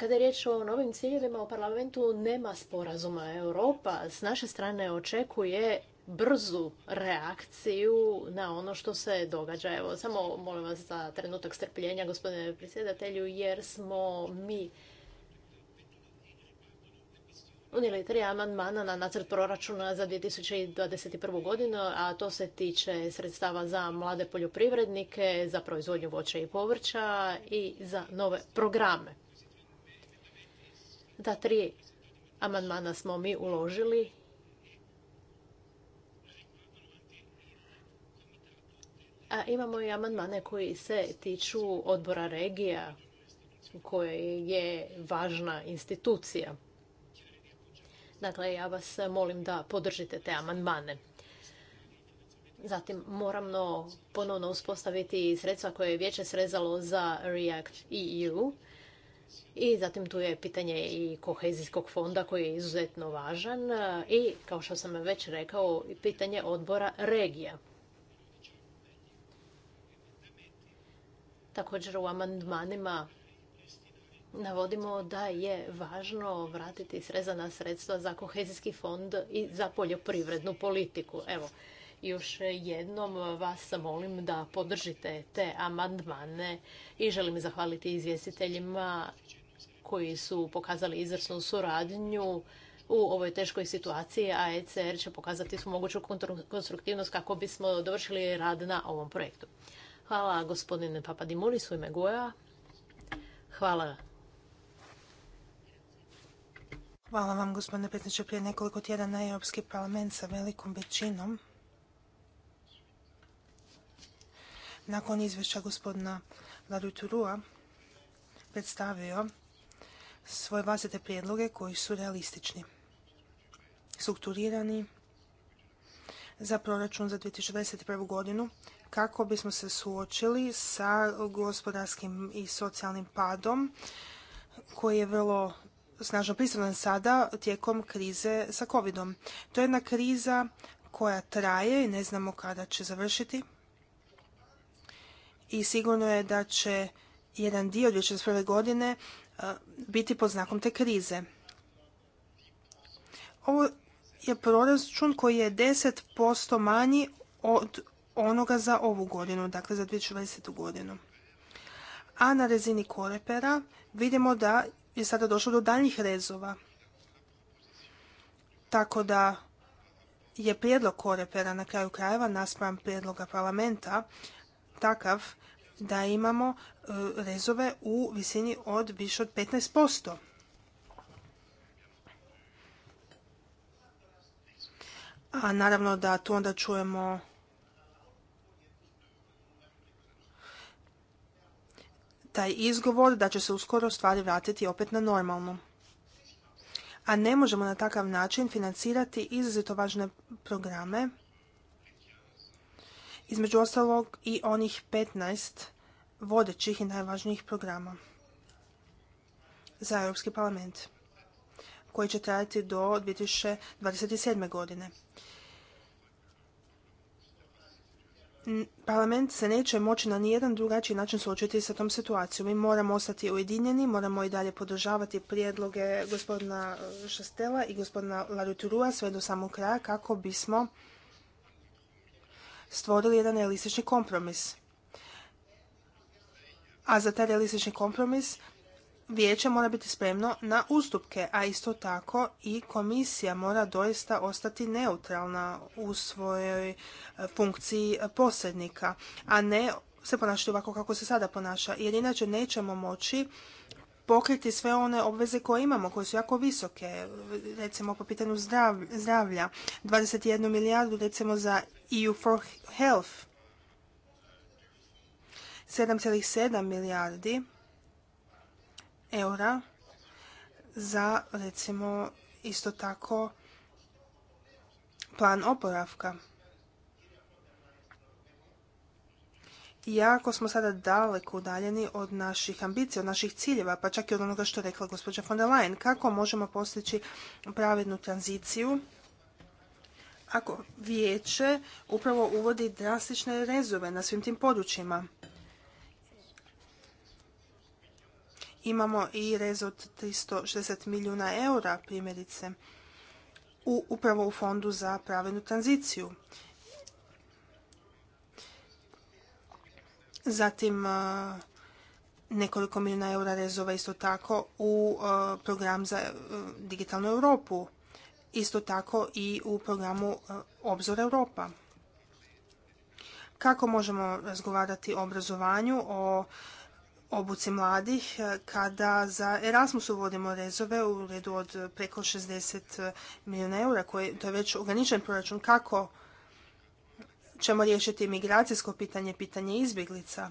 Kada je riječ o novim ciljevima u parlamentu, nema sporazuma. Europa s naše strane očekuje brzu reakciju na ono što se događa. Evo, samo molim vas za trenutak strpljenja, gospodine predsjedatelju, jer smo mi unijeli tri amandmana na nacrt proračuna za 2021. godinu, a to se tiče sredstava za mlade poljoprivrednike, za proizvodnju voća i povrća i za nove programe. Ta tri amandmana smo mi uložili A imamo i amandmane koji se tiču odbora regija koje je važna institucija. Dakle, ja vas eh, molim da podržite te amandmane. Zatim moramo ponovno uspostaviti sredstva koje je vijeće srezalo za React EU. I zatim tu je pitanje i kohezijskog fonda koji je izuzetno važan eh, i kao što sam već rekao pitanje odbora regija. Također u amandmanima navodimo da je važno vratiti srezana sredstva za kohezijski fond i za poljoprivrednu politiku. Evo, još jednom vas molim da podržite te amandmane i želim zahvaliti izvjestiteljima koji su pokazali izvrsnu suradnju u ovoj teškoj situaciji, a ECR će pokazati svu moguću konstruktivnost kako bismo dovršili rad na ovom projektu. Hvala gospodine Papadimuli, u ime Hvala Hvala vam, gospodine predsjedniče. Prije nekoliko tjedana Europski parlament sa velikom većinom nakon izvješća gospodina Laruturua predstavio svoje vlastite prijedloge koji su realistični, strukturirani za proračun za 2021. godinu kako bismo se suočili sa gospodarskim i socijalnim padom koji je vrlo snažno prisutan sada tijekom krize sa COVID-om. To je jedna kriza koja traje i ne znamo kada će završiti. I sigurno je da će jedan dio 2021. godine biti pod znakom te krize. Ovo je proračun koji je 10% manji od onoga za ovu godinu, dakle za 2020. godinu. A na rezini korepera vidimo da je sada došlo do daljnjih rezova. Tako da je prijedlog korepera na kraju krajeva naspram prijedloga parlamenta takav da imamo e, rezove u visini od više od 15%. A naravno da tu onda čujemo taj izgovor da će se uskoro stvari vratiti opet na normalnu. A ne možemo na takav način financirati izuzetno važne programe, između ostalog i onih 15 vodećih i najvažnijih programa za Europski parlament koji će trajati do 2027. godine. parlament se neće moći na nijedan drugačiji način suočiti sa tom situacijom. Mi moramo ostati ujedinjeni, moramo i dalje podržavati prijedloge gospodina eh, Šastela i gospodina Laruturua sve do samog kraja kako bismo stvorili jedan realistični kompromis. A za taj realistični kompromis vijeće mora biti spremno na ustupke, a isto tako i komisija mora doista ostati neutralna u svojoj e, funkciji posrednika, a ne se ponašati ovako kako se sada ponaša, jer inače nećemo moći pokriti sve one obveze koje imamo, koje su jako visoke, recimo po pitanju zdravlja, 21 milijardu recimo za EU for Health, 7,7 milijardi eura za recimo isto tako plan oporavka. Jako smo sada daleko udaljeni od naših ambicija, od naših ciljeva, pa čak i od onoga što je rekla gospođa von der Leyen. Kako možemo postići pravednu tranziciju ako vijeće upravo uvodi drastične rezove na svim tim područjima? imamo i rez od 360 milijuna eura primjerice u, upravo u fondu za pravednu tranziciju. Zatim e, nekoliko milijuna eura rezova isto tako u e, program za e, digitalnu Europu. Isto tako i u programu Obzor Europa. Kako možemo razgovarati o obrazovanju, o obuci mladih, e, kada za Erasmus uvodimo rezove u redu od preko 60 e, milijuna eura, koji, to je već ograničen proračun, kako ćemo riješiti migracijsko pitanje, pitanje izbjeglica,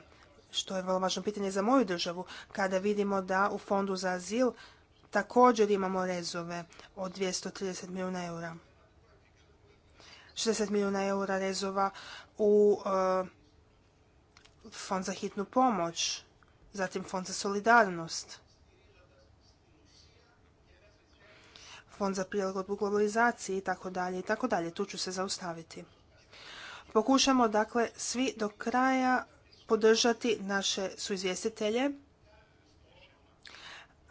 što je vrlo važno pitanje za moju državu, kada vidimo da u fondu za azil također imamo rezove od 230 milijuna eura. 60 milijuna eura rezova u e, fond za hitnu pomoć, zatim Fond za solidarnost, Fond za prilagodbu globalizaciji i tako i tako dalje. Tu ću se zaustaviti. Pokušamo dakle svi do kraja podržati naše suizvjestitelje,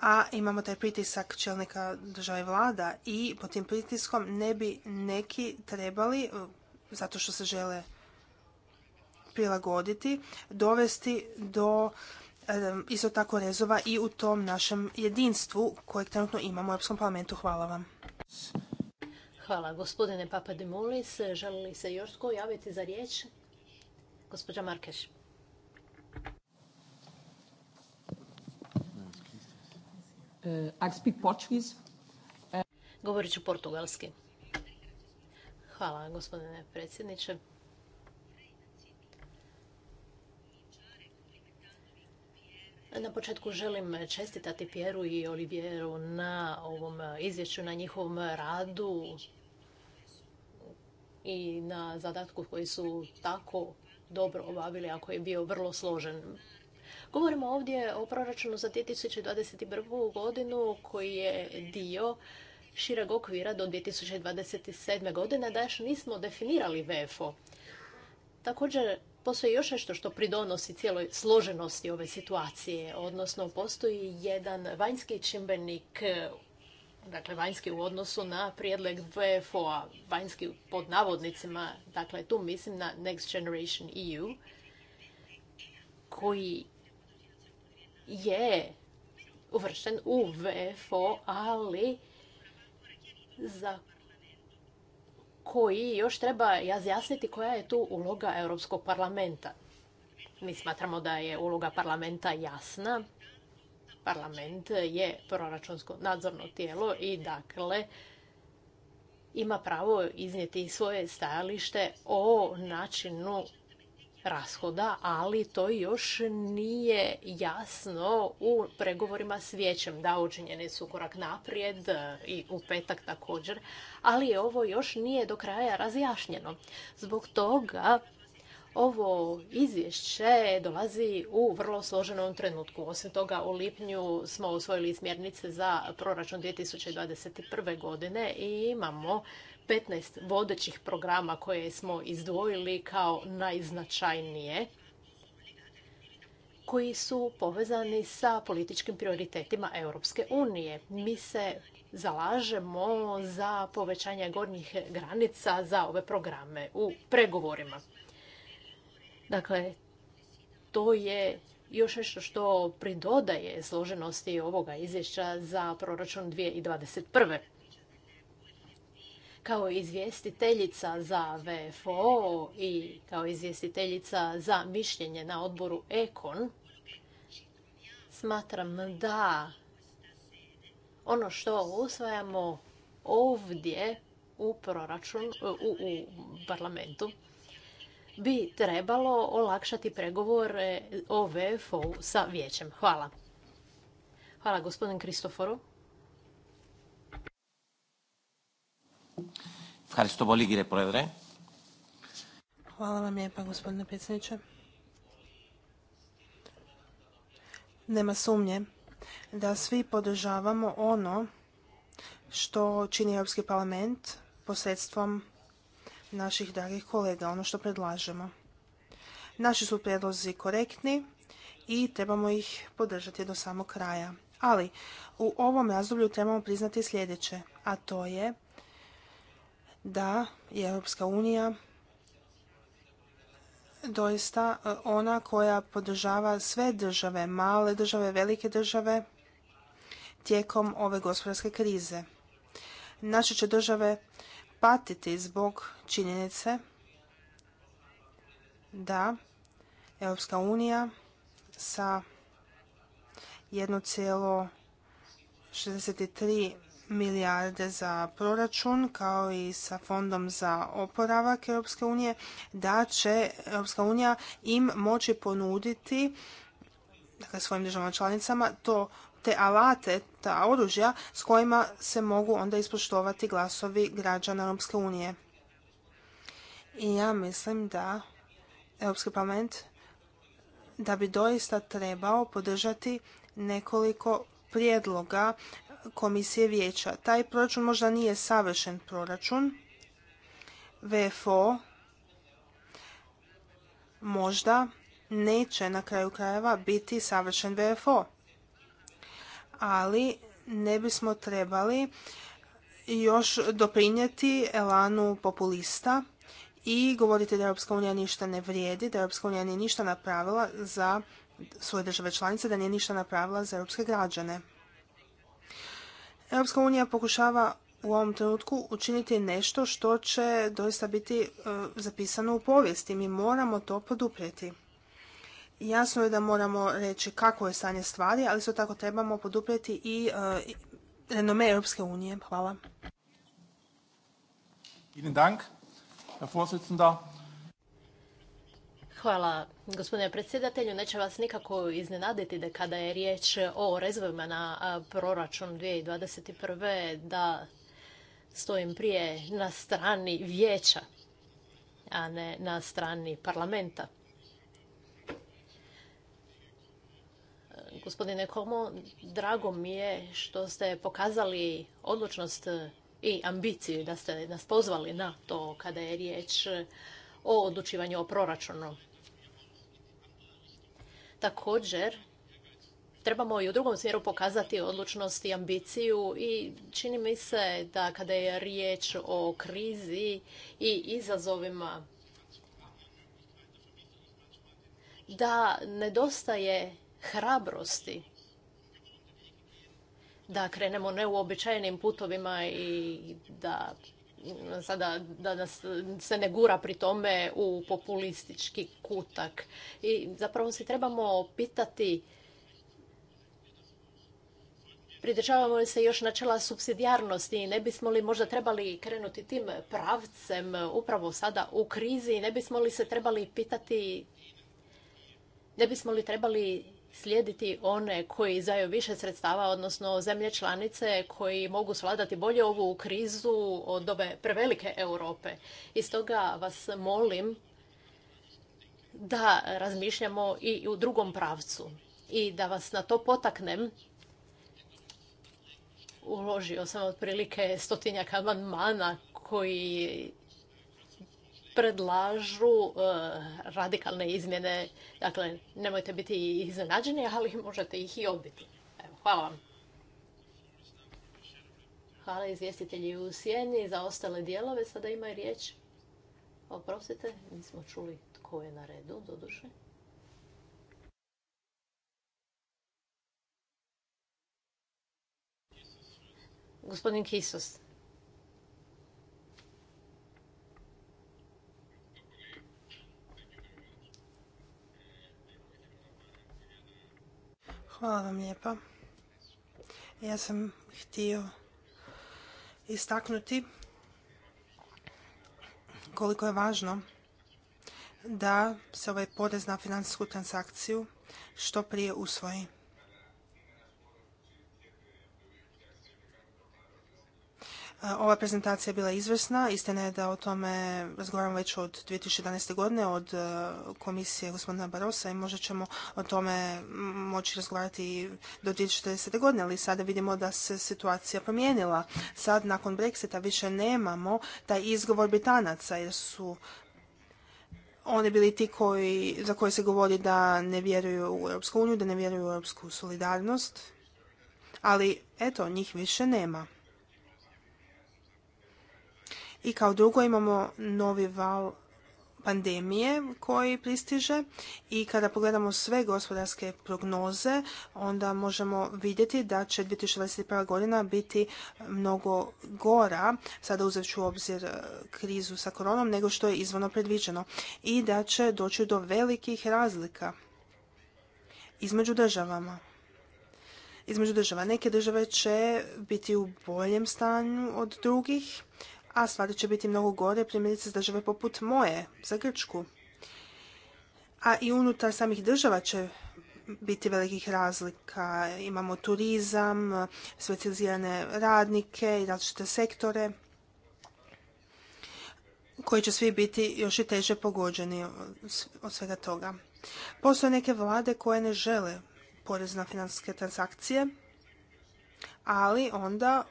a imamo taj pritisak čelnika države vlada i pod tim pritiskom ne bi neki trebali, e, zato što se žele prilagoditi, dovesti do isto tako rezova i u tom našem jedinstvu kojeg trenutno imamo u Europskom parlamentu. Hvala vam. Hvala. Gospodine Papadimulis, želi li se još tko javiti za riječ? Gospođa Markeš. Uh, Govorit ću portugalski. Hvala, gospodine predsjedniče. Na početku želim čestitati Pjeru i Olivijeru na ovom izvješću, na njihovom radu i na zadatku koji su tako dobro obavili, ako je bio vrlo složen. Govorimo ovdje o proračunu za 2021. godinu koji je dio šireg okvira do 2027. godine, da još nismo definirali VFO. Također, postoji još nešto što pridonosi cijeloj složenosti ove situacije, odnosno postoji jedan vanjski čimbenik e, dakle vanjski u odnosu na prijedlog VFO-a, vanjski pod navodnicima, dakle tu mislim na Next Generation EU, koji je uvršten u VFO, ali za koji još treba razjasniti koja je tu uloga Europskog parlamenta. Mi smatramo da je uloga parlamenta jasna. Parlament je proračunsko nadzorno tijelo i dakle ima pravo iznijeti svoje stajalište o načinu rashoda, ali to još nije jasno u pregovorima s vijećem. Da, učinjeni su korak naprijed e, i u petak također, ali ovo još nije do kraja razjašnjeno. Zbog toga ovo izvješće dolazi u vrlo složenom trenutku. Osim toga, u lipnju smo usvojili smjernice za proračun 2021. godine i imamo 15 vodećih programa koje smo izdvojili kao najznačajnije koji su povezani sa političkim prioritetima Europske unije. Mi se zalažemo za povećanje gornjih granica za ove programe u pregovorima. Dakle, to je još nešto što pridodaje složenosti ovoga izvješća za proračun 2021. Kao izvjestiteljica za VFO i kao izvjestiteljica za mišljenje na odboru EKON, smatram da ono što usvajamo ovdje u proračun, u, parlamentu, bi trebalo olakšati pregovore o VFO sa vijećem. Hvala. Hvala gospodin Kristoforu. Hvala vam lijepa, gospodine predsjedniče. Nema sumnje da svi podržavamo ono što čini Europski parlament posredstvom naših dragih kolega, ono što predlažemo. Naši su predlozi korektni i trebamo ih podržati do samog kraja. Ali u ovom razdoblju trebamo priznati sljedeće, a to je da je Europska unija doista e, ona koja podržava sve države, male države, velike države tijekom ove gospodarske krize. Naše će države patiti zbog činjenice da Europska unija sa 1,63 milijarde za proračun kao i sa fondom za oporavak Europske unije da će Europska unija im moći ponuditi dakle svojim državama članicama to te alate, ta oružja s kojima se mogu onda ispoštovati glasovi građana Europske unije. I ja mislim da Europski parlament da bi doista trebao podržati nekoliko prijedloga komisije vijeća. Taj proračun možda nije savršen proračun. VFO možda neće na kraju krajeva biti savršen VFO. Ali ne bismo trebali još doprinijeti elanu populista i govoriti da Europska unija ništa ne vrijedi, da Europska unija nije ništa napravila za svoje države članice, da nije ništa napravila za europske građane. Europska unija pokušava u ovom trenutku učiniti nešto što će doista biti e, zapisano u povijesti. Mi moramo to poduprijeti. Jasno je da moramo reći kako je stanje stvari, ali isto tako trebamo poduprijeti i e, renome Europske unije. Hvala. Hvala gospodine predsjedatelju. Neće vas nikako iznenaditi da kada je riječ o rezovima na proračun 2021. da stojim prije na strani vijeća, a ne na strani parlamenta. Gospodine Komo, drago mi je što ste pokazali odlučnost i ambiciju da ste nas pozvali na to kada je riječ o odlučivanju o proračunu. Također, trebamo i u drugom smjeru pokazati odlučnost i ambiciju i čini mi se da kada je riječ o krizi i izazovima da nedostaje hrabrosti da krenemo neuobičajenim putovima i da sada da nas se ne gura pri tome u populistički kutak. I zapravo se trebamo pitati pridržavamo li se još načela supsidijarnosti, i ne bismo li možda trebali krenuti tim pravcem upravo sada u krizi i ne bismo li se trebali pitati ne bismo li trebali slijediti one koji izdaju više sredstava, odnosno zemlje članice koji mogu svladati bolje ovu krizu od ove prevelike Europe. I stoga vas molim da razmišljamo i u drugom pravcu i da vas na to potaknem. Uložio sam otprilike stotinjak amandmana koji predlažu e, radikalne izmjene. Dakle, nemojte biti iznenađeni, ali možete ih i odbiti. Evo, hvala vam. Hvala izvjestitelji u Sjeni za ostale dijelove. Sada ima i riječ. Oprostite, nismo čuli tko je na redu, doduše. Gospodin Kisos. Hvala vam lijepa. Ja sam htio istaknuti koliko je važno da se ovaj porez na financijsku transakciju što prije usvoji. Ova prezentacija je bila izvrsna, istina je da o tome razgovaramo već od 2011. godine od e, komisije gospodina Barosa i možda ćemo o tome moći razgovarati do 2040. godine, ali sada vidimo da se situacija promijenila. Sad nakon Brexita više nemamo taj izgovor Britanaca jer su oni bili ti koji, za koje se govori da ne vjeruju u Europsku uniju, da ne vjeruju u europsku solidarnost, ali eto, njih više nema. I kao drugo imamo novi val pandemije koji pristiže i kada pogledamo sve gospodarske prognoze, onda možemo vidjeti da će 2021. godina biti mnogo gora, sada uzevši u obzir e, krizu sa koronom, nego što je izvorno predviđeno i da će doći do velikih razlika između državama. Između država. Neke države će biti u boljem stanju od drugih, a stvari će biti mnogo gore, primjerice za države poput moje, za Grčku. A i unutar samih država će biti velikih razlika. Imamo turizam, specializirane radnike i različite sektore koji će svi biti još i teže pogođeni od svega toga. Postoje neke vlade koje ne žele porez na financijske transakcije, ali onda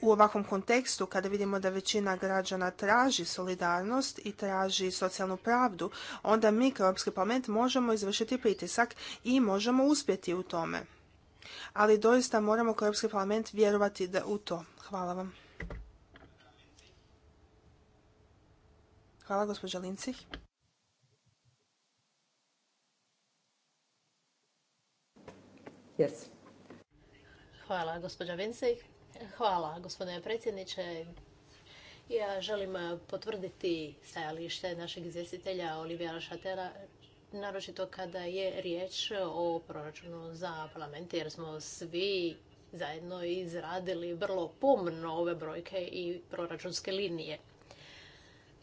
u ovakvom kontekstu kada vidimo da većina građana traži solidarnost i traži socijalnu pravdu, onda mi kao Europski parlament možemo izvršiti pritisak i možemo uspjeti u tome. Ali doista moramo kao Europski parlament vjerovati da u to. Hvala vam. Hvala gospođa Lincih. Hvala gospođa Vincih. Hvala, gospodine predsjedniče. Ja želim eh, potvrditi stajalište našeg izvjestitelja Olivija Šatera, naročito kada je riječ o proračunu za parlament, jer smo svi zajedno izradili vrlo pomno ove brojke i proračunske linije.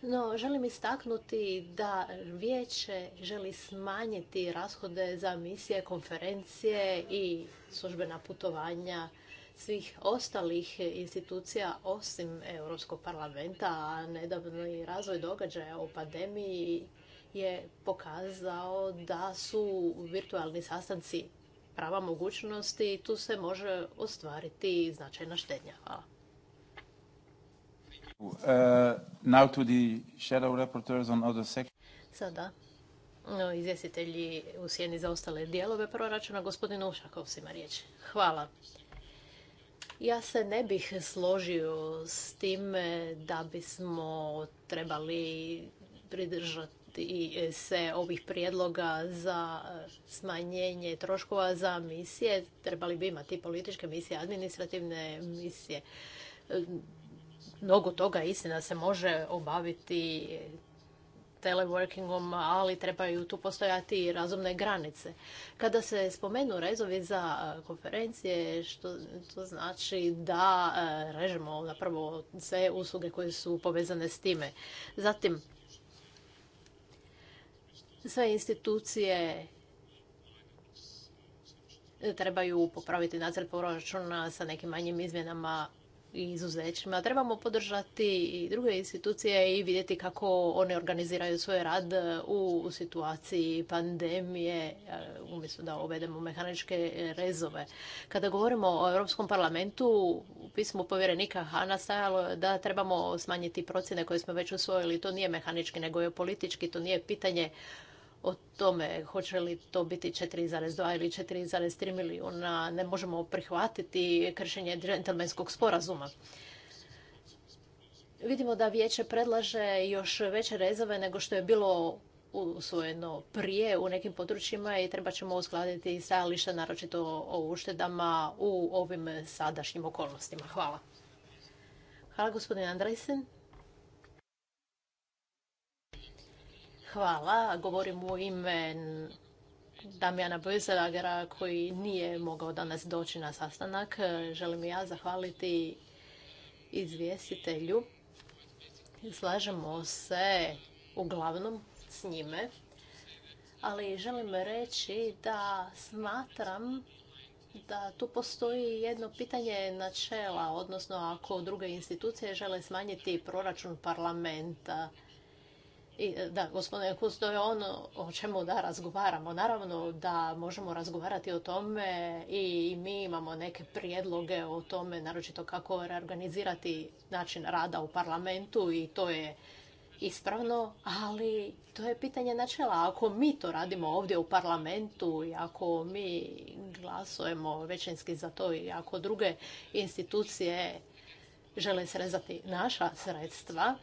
No, želim istaknuti da vijeće želi smanjiti rashode za misije, konferencije i službena putovanja svih ostalih institucija osim Europskog parlamenta, a nedavno i razvoj događaja o pandemiji je pokazao da su virtualni sastanci prava mogućnosti i tu se može ostvariti značajna štednja. Hvala. Sada izvjestitelji u sjeni za ostale dijelove proračuna. Gospodin Ušakov ima riječ. Hvala. Ja se ne bih složio s time da bismo trebali pridržati se ovih prijedloga za smanjenje troškova za misije. Trebali bi imati političke misije, administrativne misije. Mnogo toga istina se može obaviti teleworkingom, ali trebaju tu postojati i razumne granice. Kada se spomenu rezovi za e, konferencije, što to znači da e, režemo zapravo sve usluge koje su povezane s time. Zatim, sve institucije trebaju popraviti nacrt proračuna sa nekim manjim izmjenama i izuzećima. Trebamo podržati i druge institucije i vidjeti kako one organiziraju svoj rad e, u situaciji pandemije, e, umjesto da uvedemo mehaničke rezove. Kada govorimo o Europskom parlamentu, u pismu povjerenika hanna stajalo da trebamo smanjiti procjene koje smo već usvojili. To nije mehanički, nego je politički, to nije pitanje o tome hoće li to biti 4,2 ili 4,3 milijuna, ne možemo prihvatiti kršenje džentelmenskog sporazuma. Vidimo da vijeće predlaže još veće rezove nego što je bilo usvojeno prije u nekim područjima i treba ćemo uskladiti stajališta naročito o uštedama u ovim sadašnjim okolnostima. Hvala. Hvala gospodin Andresen. Hvala. Govorim u ime Damjana Bojzelagera koji nije mogao danas doći na sastanak. Želim ja zahvaliti izvjestitelju. Slažemo se uglavnom s njime, ali želim reći da smatram da tu postoji jedno pitanje načela, odnosno ako druge institucije žele smanjiti proračun parlamenta, i, da, gospodine Kus, to je ono o čemu da razgovaramo. Naravno da možemo razgovarati o tome i mi imamo neke prijedloge o tome, naročito kako reorganizirati način rada u parlamentu i to je ispravno, ali to je pitanje načela. Ako mi to radimo ovdje u parlamentu i ako mi glasujemo većinski za to i ako druge institucije žele srezati naša sredstva,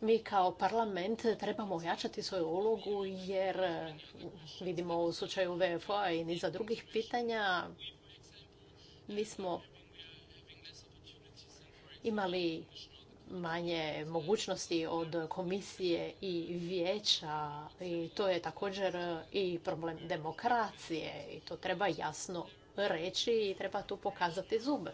mi kao parlament trebamo ojačati svoju ulogu jer e, vidimo u slučaju VFO-a i niza drugih pitanja mi smo imali manje mogućnosti od komisije i vijeća i to je također e, i problem demokracije i to treba jasno reći i treba tu pokazati zub.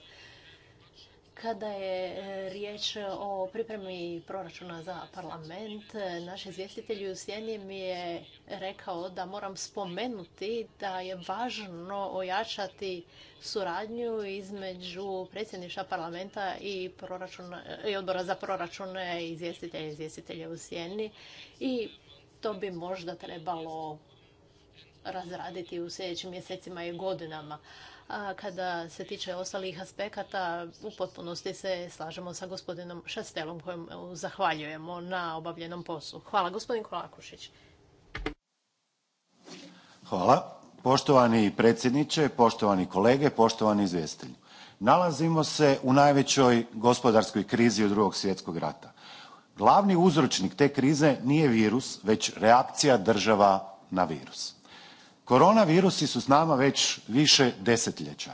Kada je e, riječ o pripremi proračuna za parlament, e, naš izvjestitelj u Sjeni mi je rekao da moram spomenuti da je važno ojačati suradnju između predsjedništva parlamenta i, e, i odbora za proračune izvjestitelja i izvjestitelja u Sjeni i to bi možda trebalo razraditi u sljedećim mjesecima i godinama. A kada se tiče ostalih aspekata, u potpunosti se slažemo sa gospodinom Šastelom kojem zahvaljujemo na obavljenom poslu. Hvala, gospodin Kolakušić. Hvala. Poštovani predsjedniče, poštovani kolege, poštovani izvjestelji. Nalazimo se u najvećoj gospodarskoj krizi od drugog svjetskog rata. Glavni uzročnik te krize nije virus, već reakcija država na virus. Koronavirusi su s nama već više desetljeća.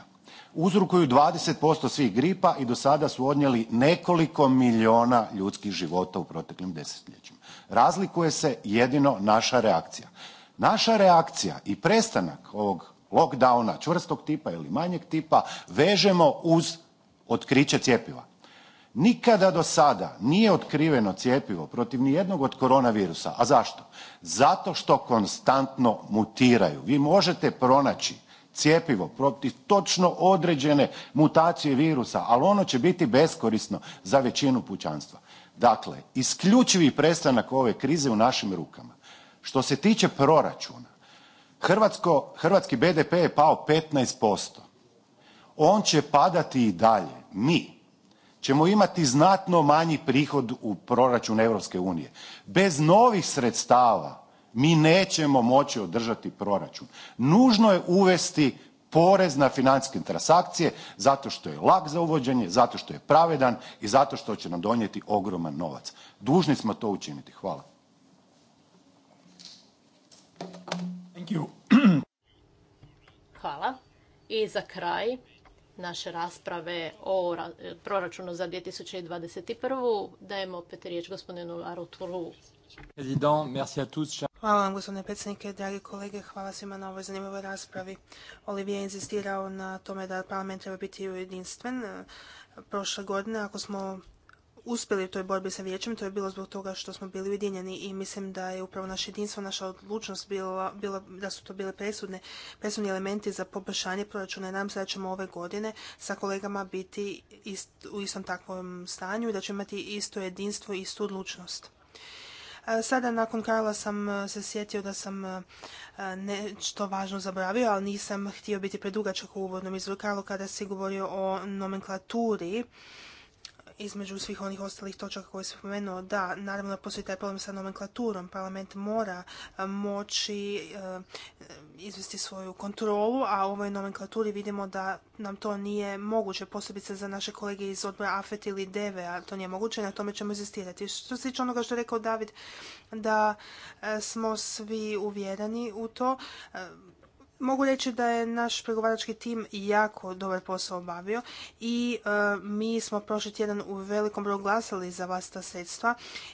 Uzrokuju 20% svih gripa i do sada su odnijeli nekoliko miliona ljudskih života u proteklim desetljećima. Razlikuje se jedino naša reakcija. Naša reakcija i prestanak ovog lockdowna čvrstog tipa ili manjeg tipa vežemo uz otkriće cjepiva. Nikada do sada nije otkriveno cjepivo protiv nijednog od koronavirusa. A zašto? Zato što konstantno mutiraju. Vi možete pronaći cjepivo protiv točno određene mutacije virusa, ali ono će biti beskorisno za većinu pučanstva. Dakle, isključivi prestanak ove krize u našim rukama. Što se tiče proračuna, hrvatski BDP je pao 15%. On će padati i dalje. Mi ćemo imati znatno manji prihod u proračun Europske unije. Bez novih sredstava mi nećemo moći održati proračun. Nužno je uvesti porez na financijske transakcije zato što je lak za uvođenje, zato što je pravedan i zato što će nam donijeti ogroman novac. Dužni smo to učiniti. Hvala. Hvala. I za kraj naše rasprave o proračunu za 2021. Dajemo opet riječ gospodinu Aruturu. Hvala vam gospodine predsjednike, dragi kolege, hvala svima na ovoj zanimljivoj raspravi. Olivier je insistirao na tome da parlament treba biti jedinstven. Prošle godine, ako smo uspjeli u toj borbi sa vijećem, to je bilo zbog toga što smo bili ujedinjeni i mislim da je upravo naše jedinstvo, naša odlučnost bila, bila da su to bile presudne, presudni elementi za poboljšanje proračuna i nam se da ćemo ove godine sa kolegama biti u istom takvom stanju i da ćemo imati isto jedinstvo i istu odlučnost. Sada nakon Karla sam e, se sjetio da sam e, e, nešto važno zaboravio, ali nisam htio biti predugačak u uvodnom izvoru Karlo kada si govorio o nomenklaturi između svih onih ostalih točaka koje sam spomenuo, da, naravno postoji taj problem sa nomenklaturom. Parlament mora eh, moći eh, izvesti svoju kontrolu, a u ovoj nomenklaturi vidimo da nam to nije moguće, posebice za naše kolege iz odbora AFET ili DEVE, a to nije moguće, na tome ćemo izvestirati. Što se tiče onoga što je rekao David, da eh, smo svi uvjereni u to, Mogu reći da je naš pregovarački tim jako dobar posao obavio i e, mi smo prošli tjedan u velikom broju glasali za vas ta sredstva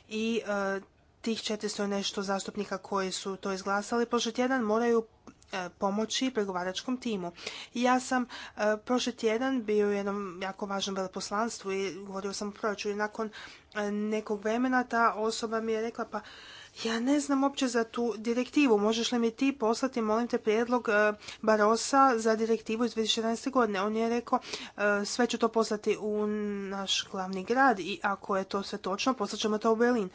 i e, tih 400 nešto zastupnika koji su to izglasali prošli tjedan moraju e, pomoći pregovaračkom timu. Ja sam prošli tjedan bio u jednom jako važnom veleposlanstvu i govorio sam o proračunu i nakon nekog vremena ta osoba mi je rekla pa ja ne znam uopće za tu direktivu. Možeš li mi ti poslati, molim te, prijedlog e, Barosa za direktivu iz 2014. godine? On je rekao, e, sve ću to poslati u naš glavni grad i ako je to sve točno, poslat ćemo to u Berlin.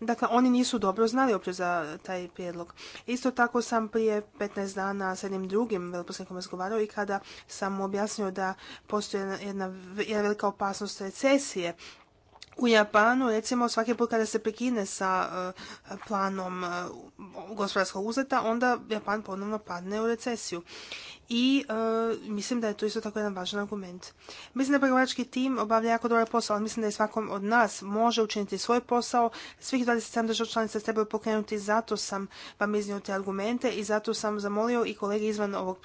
Dakle, oni nisu dobro znali uopće za taj prijedlog. Isto tako sam prije 15 dana s jednim drugim veliposlenikom razgovarao i kada sam mu objasnio da postoji jedna velika opasnost recesije u Japanu, recimo svaki put kada se prekine sa e, planom e, gospodarskog uzeta, onda Japan ponovno padne u recesiju. I e, mislim da je to isto tako jedan važan argument. Mislim da pregovarački tim obavlja jako dobar posao, ali mislim da je svakom od nas može učiniti svoj posao. Svih 27 država članica trebaju pokrenuti, zato sam vam iznio te argumente i zato sam zamolio i kolege izvan ovog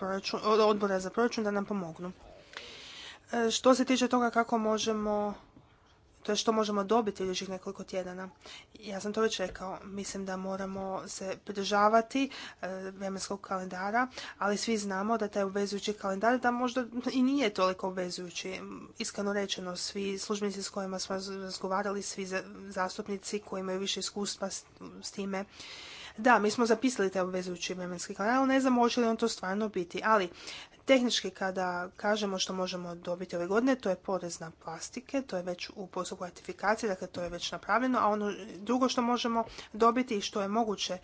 odbora za proračun da nam pomognu. što se tiče toga kako možemo to je što možemo dobiti idućih nekoliko tjedana. Ja sam to već rekao, mislim da moramo se pridržavati e, vremenskog kalendara, ali svi znamo da taj obvezujući kalendar da možda i nije toliko obvezujući. Iskreno rečeno, svi službenici s kojima smo razgovarali, svi zastupnici koji imaju više iskustva s time, da, mi smo zapisali taj obvezujući vremenski ali ne znam hoće li on to stvarno biti, ali Tehnički kada kažemo što možemo dobiti ove godine, to je porez na plastike, to je već u postupku ratifikacije, dakle to je već napravljeno, a ono drugo što možemo dobiti i što je moguće e,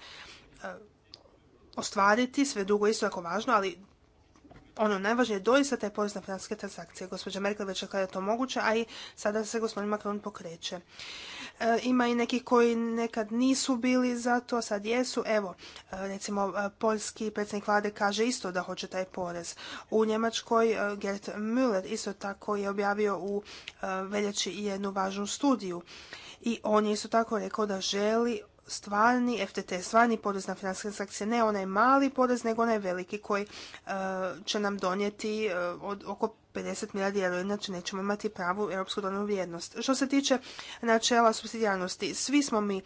ostvariti, sve drugo isto jako važno, ali ono najvažnije je doista taj porez na financijske transakcije. Gospođa Merkel već rekla da je to moguće, a i sada se gospodin Macron pokreće. E, ima i neki koji nekad nisu bili za to, sad jesu. Evo, e, recimo, e, poljski predsjednik vlade kaže isto da hoće taj porez. U Njemačkoj Gert Müller isto tako je objavio u veljači jednu važnu studiju. I on je isto tako rekao da želi stvarni FTT, stvarni porez na financijske transakcije, ne onaj mali porez, nego onaj veliki koji će nam donijeti od oko 50 milijardi eura, inače nećemo imati pravu europsku donovu vrijednost. Što se tiče načela subsidijarnosti, svi smo mi e,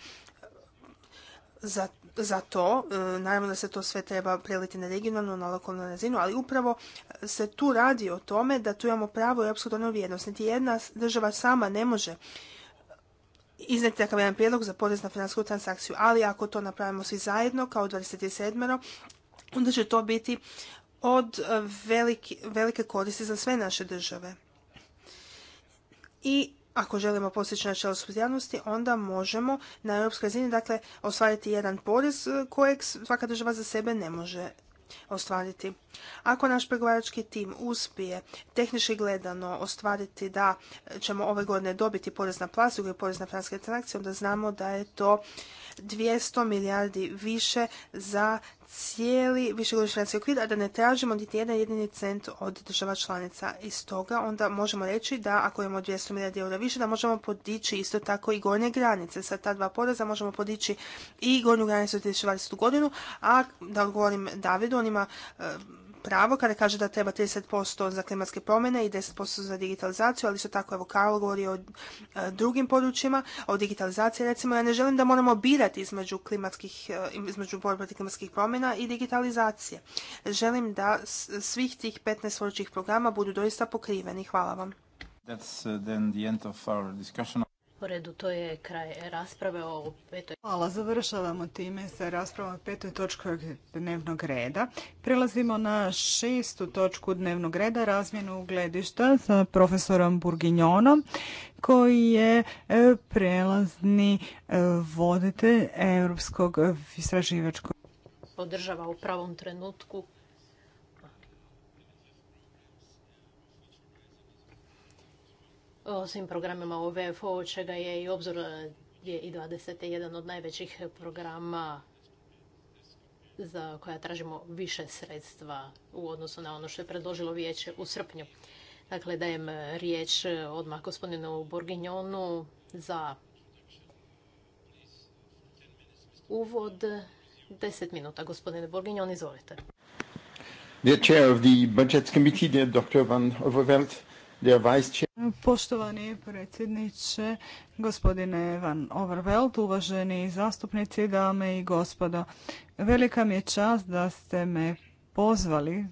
za, za to. E, naravno da se to sve treba preliti na regionalnu, na lokalnu razinu, ali upravo se tu radi o tome da tu imamo pravu europsku donovu vrijednost. Niti jedna država sama ne može izneti takav jedan prijedlog za porez na financijsku transakciju, ali ako to napravimo svi zajedno kao 27. onda će to biti od e, velike koristi za sve naše države. I ako želimo postići načelo subsidijarnosti, onda možemo na europskoj razini dakle, ostvariti jedan porez e, kojeg svaka država za sebe ne može ostvariti. Ako naš pregovarački tim uspije tehnički gledano ostvariti da ćemo ove godine dobiti porez na plastiku i porez na financijske transakcije, onda znamo da je to 200 milijardi više za cijeli višegodišnji financijski okvir, a da ne tražimo niti jedan jedini cent od država članica. I toga, onda možemo reći da ako imamo 200 milijardi eura više, da možemo podići isto tako i gornje granice. Sa ta dva poreza možemo podići i gornju granicu 2020. godinu, a da odgovorim Davidu, on ima eh, pravo kada kaže da treba 30% za klimatske promjene i 10% za digitalizaciju, ali isto tako evo Karl govori o e, drugim područjima, o digitalizaciji recimo. Ja ne želim da moramo birati između klimatskih, e, između borbe klimatskih promjena i digitalizacije. Želim da svih tih 15 vodećih programa budu doista pokriveni. Hvala vam. Uh, po redu to je kraj rasprave o petoj. Hvala, završavamo time sa raspravom o petoj točkoj dnevnog reda. Prelazimo na šestu točku dnevnog reda, razmjenu gledišta sa profesorom Burginjonom, koji je e, prelazni e, voditelj Europskog istraživačkog podržava u pravom trenutku o svim programima ovf VFO, čega je i obzor eh, je i 20. jedan od najvećih programa za koja tražimo više sredstva u odnosu na ono što je predložilo vijeće u srpnju. Dakle, dajem eh, riječ eh, odmah gospodinu Borginjonu za uvod. Deset minuta, gospodine Borginjon, izvolite. Van Poštovani predsjedniče, gospodine Van Overveld, uvaženi zastupnici, dame i gospodo. Velika mi je čast da ste me pozvali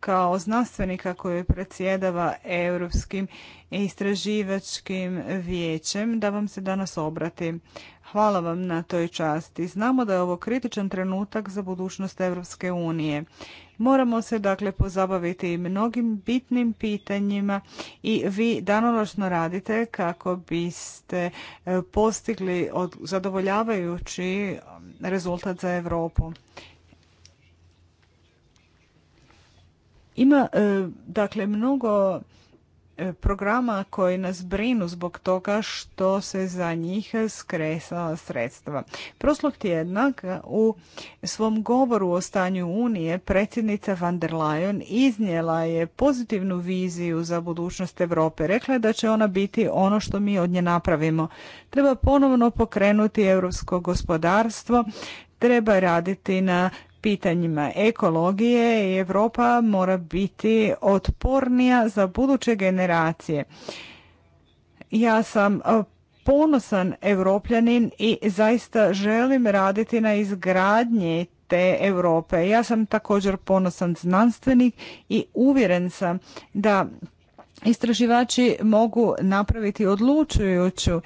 kao znanstvenika koji predsjedava Europskim istraživačkim vijećem da vam se danas obratim. Hvala vam na toj časti. Znamo da je ovo kritičan trenutak za budućnost Europske unije. Moramo se dakle pozabaviti i mnogim bitnim pitanjima i vi danonoćno radite kako biste e, postigli zadovoljavajući um, rezultat za Europu. Ima e, dakle mnogo E, programa koji nas brinu zbog toga što se za njih skresala sredstva. Proslog tjedna u svom govoru o stanju Unije predsjednica van der Leyen iznijela je pozitivnu viziju za budućnost Europe. Rekla je da će ona biti ono što mi od nje napravimo. Treba ponovno pokrenuti europsko gospodarstvo, treba raditi na pitanjima ekologije i Europa mora biti otpornija za buduće generacije. Ja sam e, ponosan evropljanin i zaista želim raditi na izgradnji te Europe. Ja sam također ponosan znanstvenik i uvjeren sam da istraživači mogu napraviti odlučujuću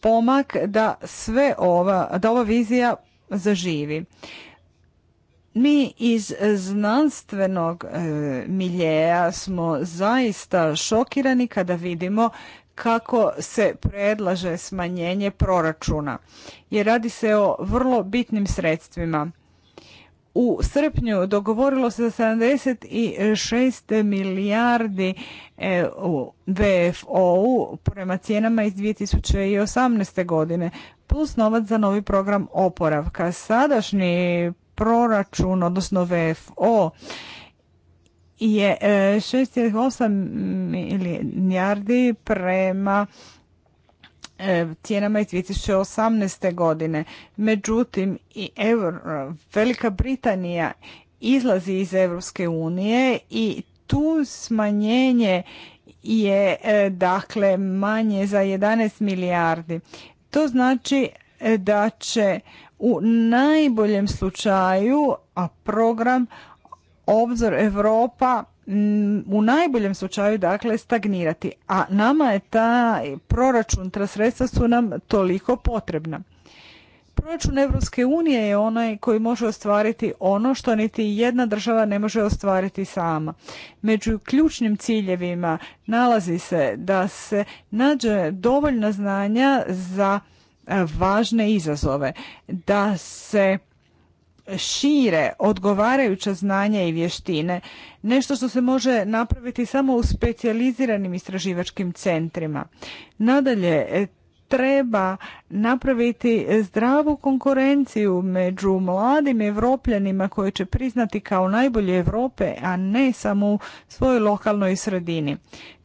pomak da sve ova, da ova vizija zaživi. Mi iz znanstvenog e, miljeja smo zaista šokirani kada vidimo kako se predlaže smanjenje proračuna jer radi se o vrlo bitnim sredstvima. U srpnju dogovorilo se za 76 milijardi e, VFO-u prema cijenama iz 2018. godine plus novac za novi program oporavka. Sadašnji proračun, odnosno VFO, je 6,8 e, milijardi prema e, cijenama iz 2018. godine. Međutim, i Velika Britanija izlazi iz Europske unije i tu smanjenje je e, dakle manje za 11 milijardi. To znači da će u najboljem slučaju, a program Obzor Europa mm, u najboljem slučaju dakle stagnirati, a nama je ta proračun, ta sredstva su nam toliko potrebna. Proračun Evropske unije je onaj koji može ostvariti ono što niti jedna država ne može ostvariti sama. Među ključnim ciljevima nalazi se da se nađe dovoljna znanja za E, važne izazove, da se šire odgovarajuća znanja i vještine, nešto što se može napraviti samo u specijaliziranim istraživačkim centrima. Nadalje, e, treba napraviti zdravu konkurenciju među mladim evropljanima koji će priznati kao najbolje Europe, a ne samo u svojoj lokalnoj sredini.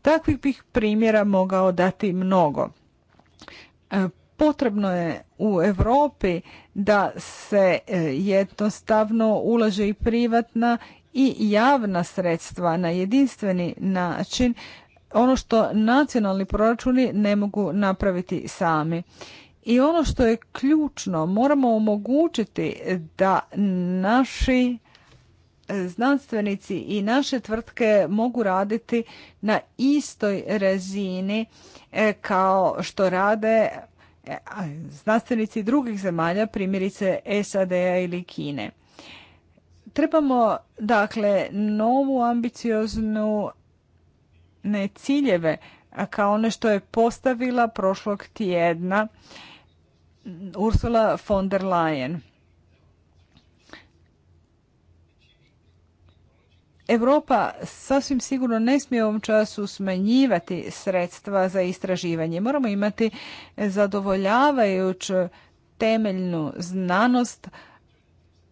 Takvih bih primjera mogao dati mnogo. E, Potrebno je u Europi da se e, jednostavno ulaže i privatna i javna sredstva na jedinstveni način, ono što nacionalni proračuni ne mogu napraviti sami. I ono što je ključno, moramo omogućiti da naši e, znanstvenici i naše tvrtke mogu raditi na istoj razini e, kao što rade E, znanstvenici drugih zemalja, primjerice SAD-a ili Kine. Trebamo, dakle, novu ambicioznu ne ciljeve kao ono što je postavila prošlog tjedna Ursula von der Leyen. Europa sasvim sigurno ne smije u ovom času smanjivati sredstva za istraživanje. Moramo imati zadovoljavajuću temeljnu znanost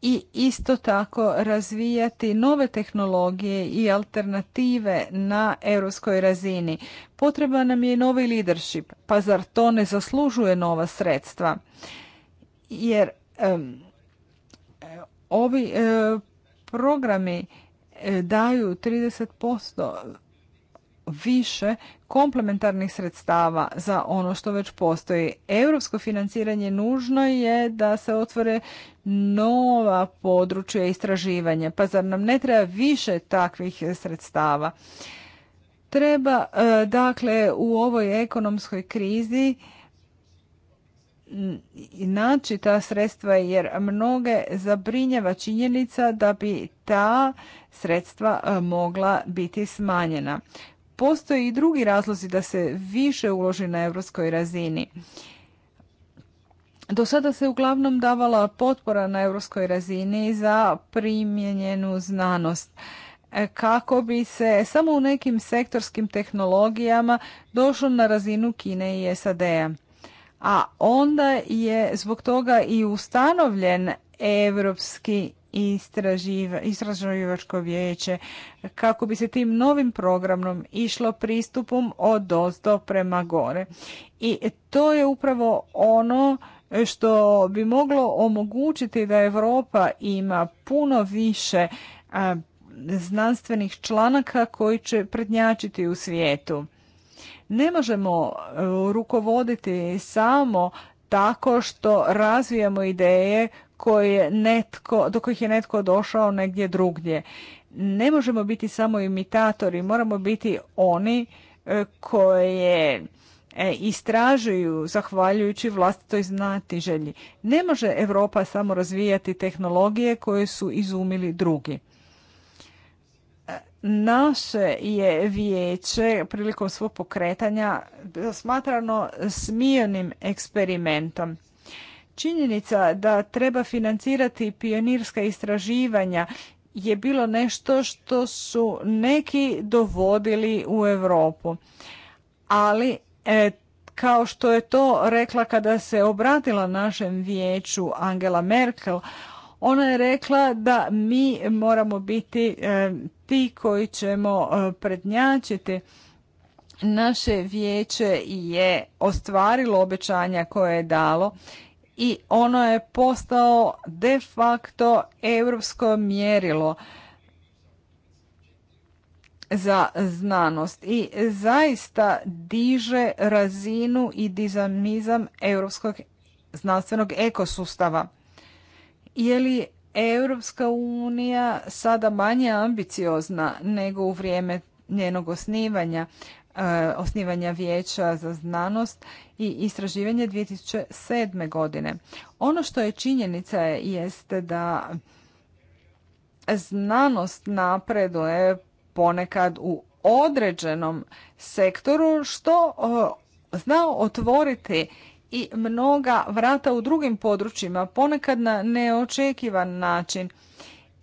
i isto tako razvijati nove tehnologije i alternative na europskoj razini. Potreban nam je i novi leadership, pa zar to ne zaslužuje nova sredstva? Jer ovi e, programi E, daju 30% više komplementarnih sredstava za ono što već postoji. Europsko financiranje nužno je da se otvore nova područja istraživanja. Pa zar nam ne treba više takvih sredstava? Treba, e, dakle, u ovoj ekonomskoj krizi naći ta sredstva jer mnoge zabrinjava činjenica da bi ta sredstva e, mogla biti smanjena. Postoje i drugi razlozi da se više uloži na europskoj razini. Do sada se uglavnom davala potpora na europskoj razini za primjenjenu znanost e, kako bi se samo u nekim sektorskim tehnologijama došlo na razinu Kine i SAD-a a onda je zbog toga i ustanovljen Europski istraživačko vijeće kako bi se tim novim programom išlo pristupom od dozdo prema gore. I to je upravo ono što bi moglo omogućiti da Europa ima puno više znanstvenih članaka koji će prednjačiti u svijetu. Ne možemo e, rukovoditi samo tako što razvijamo ideje koje netko, do kojih je netko došao negdje drugdje. Ne možemo biti samo imitatori, moramo biti oni e, koje e, istražuju zahvaljujući vlastitoj želji. Ne može Europa samo razvijati tehnologije koje su izumili drugi naše je vijeće prilikom svog pokretanja smatrano smijenim eksperimentom. Činjenica da treba financirati pionirska istraživanja je bilo nešto što su neki dovodili u Europu. Ali e, kao što je to rekla kada se obratila našem vijeću Angela Merkel, ona je rekla da mi moramo biti e, ti koji ćemo e, prednjačiti. Naše vijeće je ostvarilo obećanja koje je dalo i ono je postao de facto europsko mjerilo za znanost i zaista diže razinu i dizamizam europskog znanstvenog ekosustava. Je li Europska unija sada manje ambiciozna nego u vrijeme njenog osnivanja, eh, osnivanja vijeća za znanost i istraživanje 2007. godine. Ono što je činjenica jeste da znanost napreduje ponekad u određenom sektoru što eh, zna otvoriti i mnoga vrata u drugim područjima, ponekad na neočekivan način.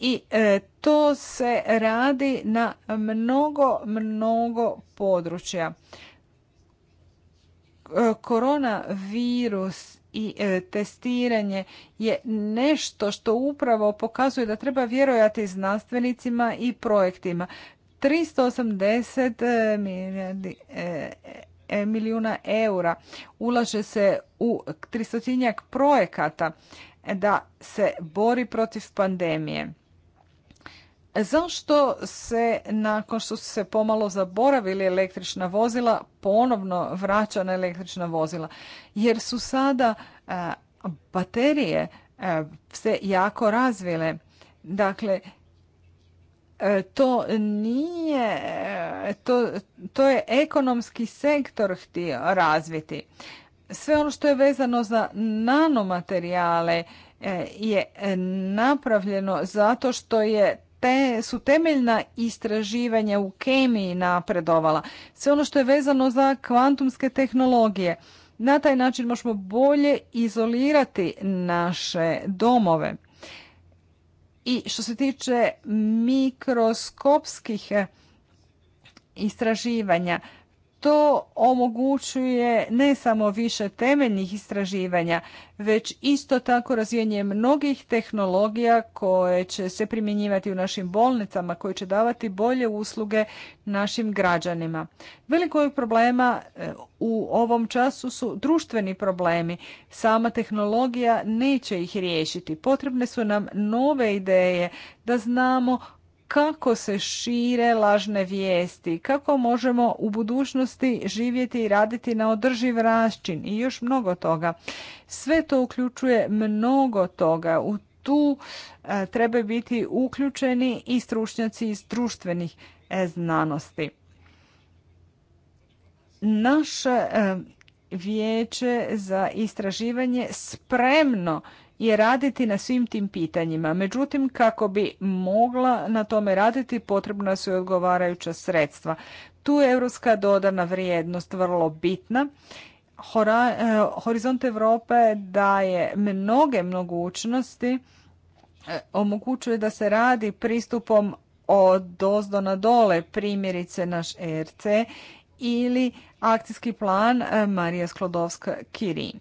I e, to se radi na mnogo, mnogo područja. E, koronavirus i e, testiranje je nešto što upravo pokazuje da treba vjerojati znanstvenicima i projektima. 380 milijardi milijuna eura. Ulaže se u tristotinjak projekata da se bori protiv pandemije. Zašto se nakon što su se pomalo zaboravili električna vozila ponovno vraća na električna vozila? Jer su sada baterije se jako razvile. Dakle, E, to nije, e, to, to je ekonomski sektor htio razviti. Sve ono što je vezano za nanomaterijale e, je napravljeno zato što je te su temeljna istraživanja u kemiji napredovala. Sve ono što je vezano za kvantumske tehnologije. Na taj način možemo bolje izolirati naše domove. I što se tiče mikroskopskih eh, istraživanja, to omogućuje ne samo više temeljnih istraživanja, već isto tako razvijenje mnogih tehnologija koje će se primjenjivati u našim bolnicama, koje će davati bolje usluge našim građanima. je problema e, u ovom času su društveni problemi. Sama tehnologija neće ih riješiti. Potrebne su nam nove ideje da znamo kako se šire lažne vijesti, kako možemo u budućnosti živjeti i raditi na održiv račin i još mnogo toga. Sve to uključuje mnogo toga. U tu e, treba biti uključeni i stručnjaci iz društvenih e, znanosti. Naše e, vijeće za istraživanje spremno je raditi na svim tim pitanjima. Međutim, kako bi mogla na tome raditi, potrebna su i odgovarajuća sredstva. Tu je europska dodana vrijednost vrlo bitna. E, Horizont Europe daje mnoge mogućnosti, e, omogućuje da se radi pristupom od dozdo na dole, primjerice naš ERC ili akcijski plan e, Marija Sklodovska-Kirin.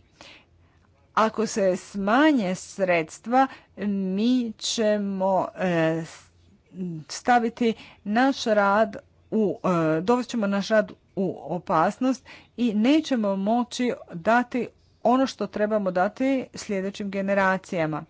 Ako se smanje sredstva, mi ćemo e, staviti naš rad u, e, dovest ćemo naš rad u opasnost i nećemo moći dati ono što trebamo dati sljedećim generacijama.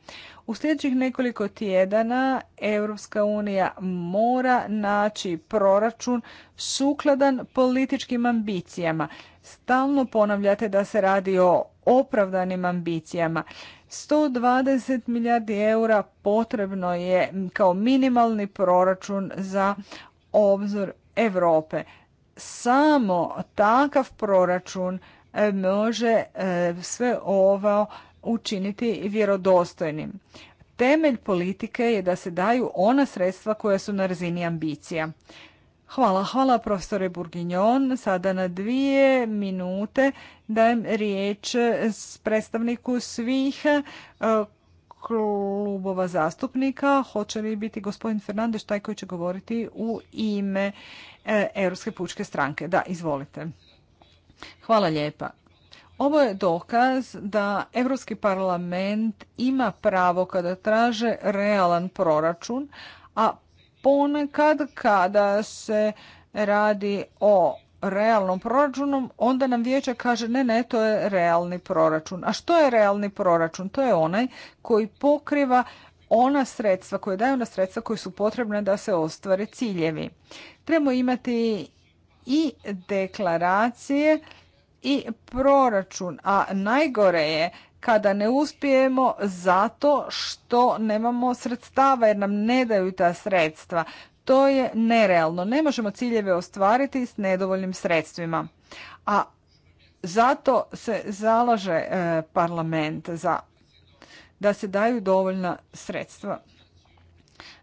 U sljedećih nekoliko tjedana Europska unija mora naći proračun sukladan političkim ambicijama. Stalno ponavljate da se radi o opravdanim ambicijama. 120 milijardi eura potrebno je kao minimalni proračun za obzor Europe. Samo takav proračun e, može e, sve ovo učiniti vjerodostojnim. Temelj politike je da se daju ona sredstva koja su na razini ambicija. Hvala, hvala profesore Burginjon. Sada na dvije minute dajem riječ predstavniku svih e, klubova zastupnika. Hoće li biti gospodin Fernandeš taj koji će govoriti u ime e, Europske pučke stranke? Da, izvolite. Hvala lijepa. Ovo je dokaz da Europski parlament ima pravo kada traže realan proračun, a ponekad kada se radi o realnom proračunom, onda nam vijeće kaže ne, ne, to je realni proračun. A što je realni proračun? To je onaj koji pokriva ona sredstva, koje daju ona sredstva koji su potrebne da se ostvare ciljevi. Trebamo imati i deklaracije i proračun, a najgore je kada ne uspijemo zato što nemamo sredstava jer nam ne daju ta sredstva. To je nerealno. Ne možemo ciljeve ostvariti s nedovoljnim sredstvima. A zato se zalaže e, parlament za da se daju dovoljna sredstva.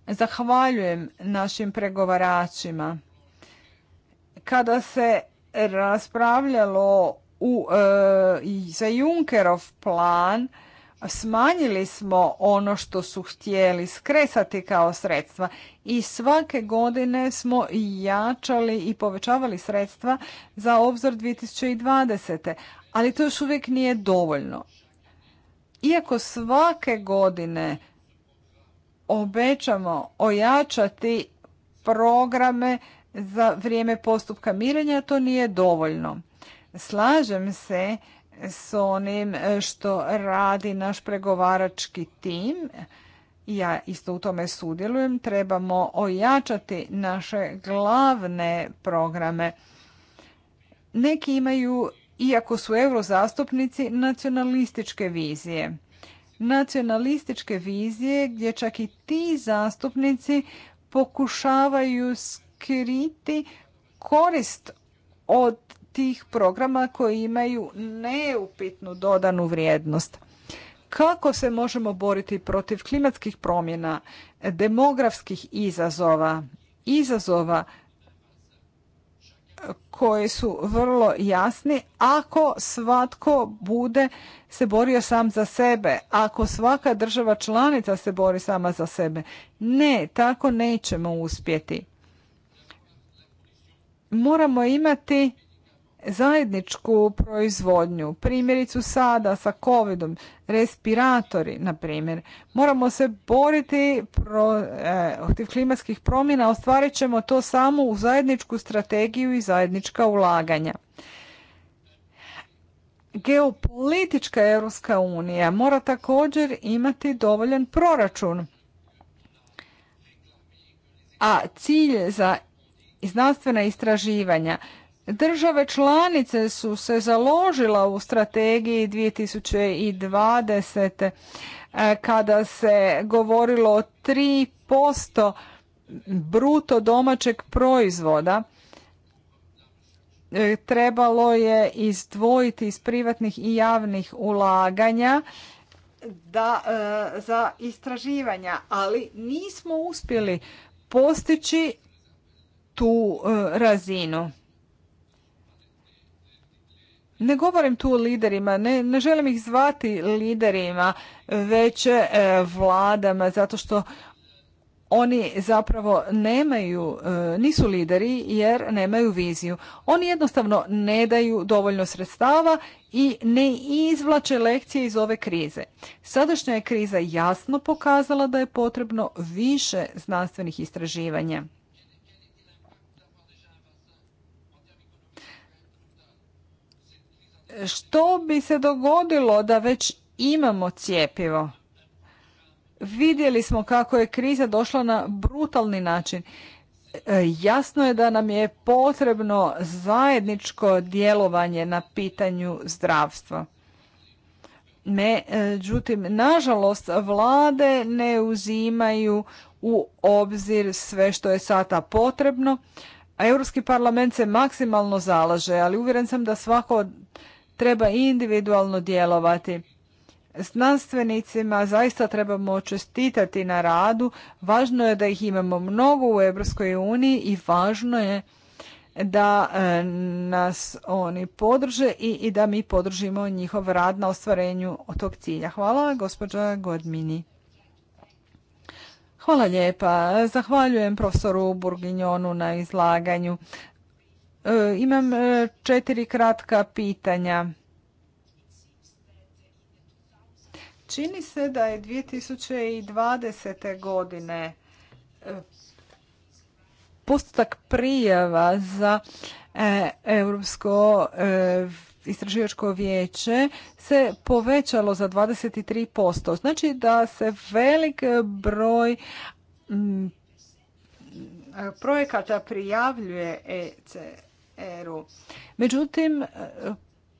Zahvaljujem našim pregovaračima. Kada se raspravljalo u, eh, za Junkerov plan smanjili smo ono što su htjeli skresati kao sredstva i svake godine smo jačali i povećavali sredstva za obzor 2020. Ali to još uvijek nije dovoljno. Iako svake godine obećamo ojačati programe za vrijeme postupka mirenja, to nije dovoljno. Slažem se s onim što radi naš pregovarački tim. Ja isto u tome sudjelujem. Trebamo ojačati naše glavne programe. Neki imaju, iako su eurozastupnici, nacionalističke vizije. Nacionalističke vizije gdje čak i ti zastupnici pokušavaju skriti korist od tih programa koji imaju neupitnu dodanu vrijednost. Kako se možemo boriti protiv klimatskih promjena, demografskih izazova, izazova koje su vrlo jasni ako svatko bude se borio sam za sebe, ako svaka država članica se bori sama za sebe. Ne, tako nećemo uspjeti. Moramo imati zajedničku proizvodnju, primjericu sada sa covidom, respiratori, na primjer. Moramo se boriti e, protiv klimatskih promjena, ostvarit ćemo to samo u zajedničku strategiju i zajednička ulaganja. Geopolitička Europska unija mora također imati dovoljan proračun. A cilj za znanstvena istraživanja Države članice su se založila u strategiji 2020 e, kada se govorilo o 3% bruto domaćeg proizvoda e, trebalo je izdvojiti iz privatnih i javnih ulaganja da, e, za istraživanja, ali nismo uspjeli postići tu razinu. Ne govorim tu o liderima, ne, ne želim ih zvati liderima, već e, vladama, zato što oni zapravo nemaju, e, nisu lideri jer nemaju viziju. Oni jednostavno ne daju dovoljno sredstava i ne izvlače lekcije iz ove krize. Sadašnja je kriza jasno pokazala da je potrebno više znanstvenih istraživanja. Što bi se dogodilo da već imamo cjepivo? Vidjeli smo kako je kriza došla na brutalni način. E, jasno je da nam je potrebno zajedničko djelovanje na pitanju zdravstva. Međutim, nažalost, vlade ne uzimaju u obzir sve što je sada potrebno, a Europski parlament se maksimalno zalaže, ali uvjeren sam da svako treba individualno djelovati. Znanstvenicima zaista trebamo čestitati na radu. Važno je da ih imamo mnogo u Europskoj uniji i važno je da e, nas oni podrže i, i da mi podržimo njihov rad na ostvarenju tog cilja. Hvala, gospođa Godmini. Hvala lijepa. Zahvaljujem profesoru Burginjonu na izlaganju. E, imam e, četiri kratka pitanja. Čini se da je 2020. godine e, postotak prijava za Europsko istraživačko vijeće se povećalo za 23%. Znači da se velik broj projekata prijavljuje ECE eru. Međutim, e,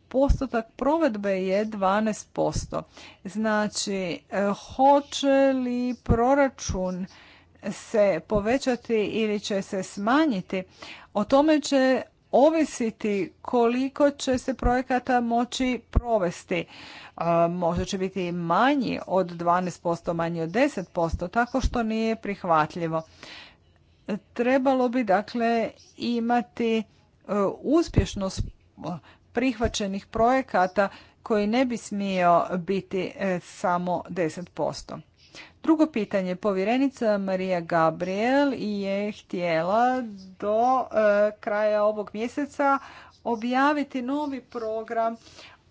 postotak provedbe je 12%. Znači, e, hoće li proračun se povećati ili će se smanjiti, o tome će ovisiti koliko će se projekata moći provesti. E, možda će biti manji od 12%, manji od 10%, tako što nije prihvatljivo. Trebalo bi dakle imati E, uspješnost e, prihvaćenih projekata koji ne bi smio biti e, samo 10%. Drugo pitanje, povjerenica Marija Gabriel je htjela do kraja ovog mjeseca objaviti novi program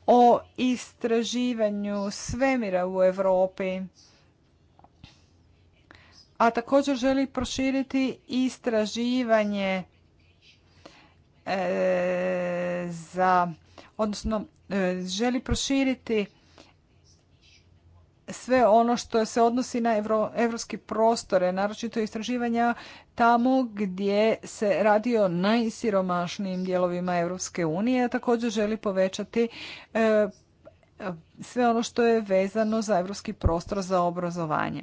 o istraživanju svemira u Europi. A također želi proširiti istraživanje E, za, odnosno e, želi proširiti sve ono što se odnosi na evropski prostore, naročito istraživanja tamo gdje se radi o najsiromašnijim dijelovima Europske unije, a također želi povećati e, sve ono što je vezano za evropski prostor za obrazovanje.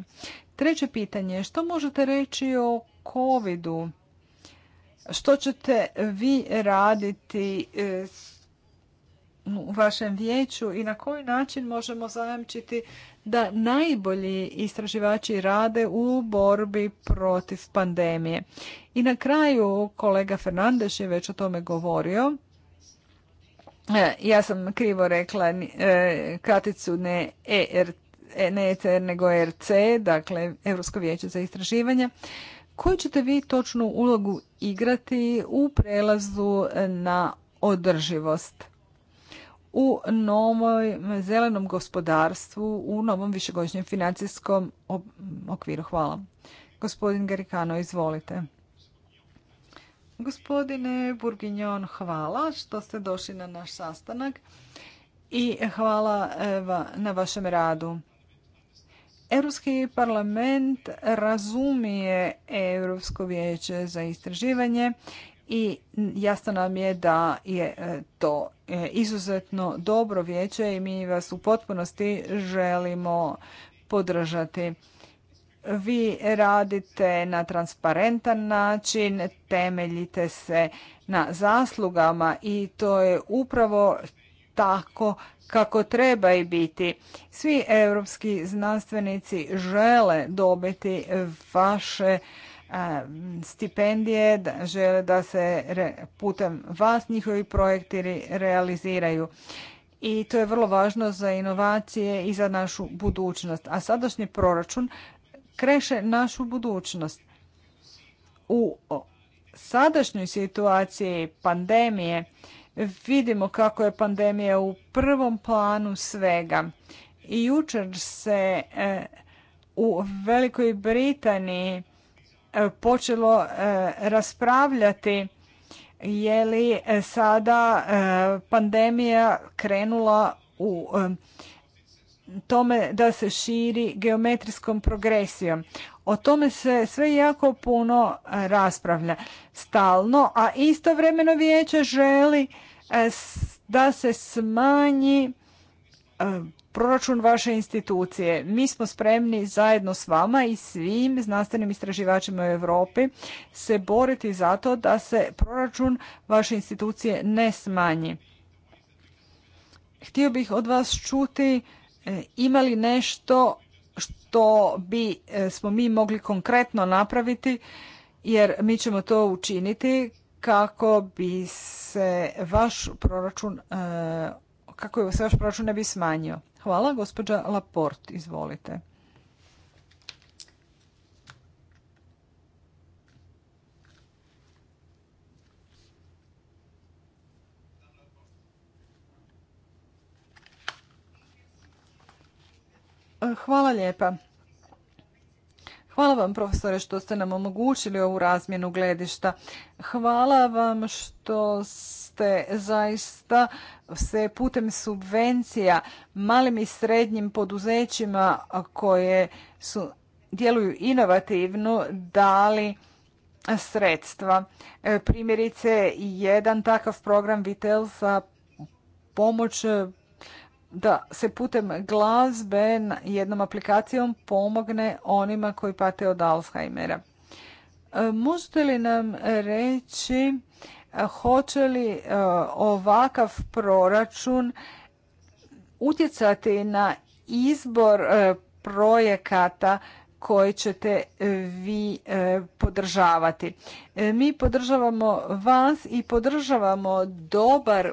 Treće pitanje, što možete reći o COVID-u? Što ćete vi raditi e, u vašem vijeću i na koji način možemo zajamčiti da najbolji istraživači rade u borbi protiv pandemije. I na kraju kolega Fernandez je već o tome govorio. E, ja sam krivo rekla e, kraticu ne ERT, ne ECR nego ERC, dakle Europsko vijeće za istraživanje. Koju ćete vi točnu ulogu igrati u prelazu na održivost? u novom zelenom gospodarstvu, u novom višegodišnjem financijskom okviru. Hvala. Gospodin Garikano, izvolite. Gospodine Burginjon, hvala što ste došli na naš sastanak i hvala e, na vašem radu. Europski parlament razumije Europsko vijeće za istraživanje i jasno nam je da je e, to e, izuzetno dobro vijeće i mi vas u potpunosti želimo podržati. Vi radite na transparentan način, temeljite se na zaslugama i to je upravo tako kako treba i biti. Svi europski znanstvenici žele dobiti vaše stipendije, žele da se putem vas njihovi projekti realiziraju. I to je vrlo važno za inovacije i za našu budućnost. A sadašnji proračun kreše našu budućnost. U sadašnjoj situaciji pandemije Vidimo kako je pandemija u prvom planu svega. I jučer se e, u Velikoj Britaniji e, počelo e, raspravljati je li sada pandemija krenula u tome da se širi geometrijskom progresijom. O tome se sve jako puno e, raspravlja stalno, a istovremeno vijeće želi e, da se smanji e, proračun vaše institucije. Mi smo spremni zajedno s vama i svim znanstvenim istraživačima u Europi se boriti za to da se proračun vaše institucije ne smanji. Htio bih od vas čuti imali li nešto što bi e, smo mi mogli konkretno napraviti jer mi ćemo to učiniti kako bi se vaš proračun e, kako se vaš proračun ne bi smanjio. Hvala, gospođa Laport, izvolite. Hvala lijepa. Hvala vam profesore što ste nam omogućili ovu razmjenu gledišta. Hvala vam što ste zaista se putem subvencija malim i srednjim poduzećima koje su djeluju inovativno dali sredstva. E, primjerice jedan takav program Vitelsa pomoć da se putem glazbe jednom aplikacijom pomogne onima koji pate od Alzheimera. E, možete li nam reći e, hoće li e, ovakav proračun utjecati na izbor projekata koje ćete vi podržavati. Mi podržavamo vas i podržavamo dobar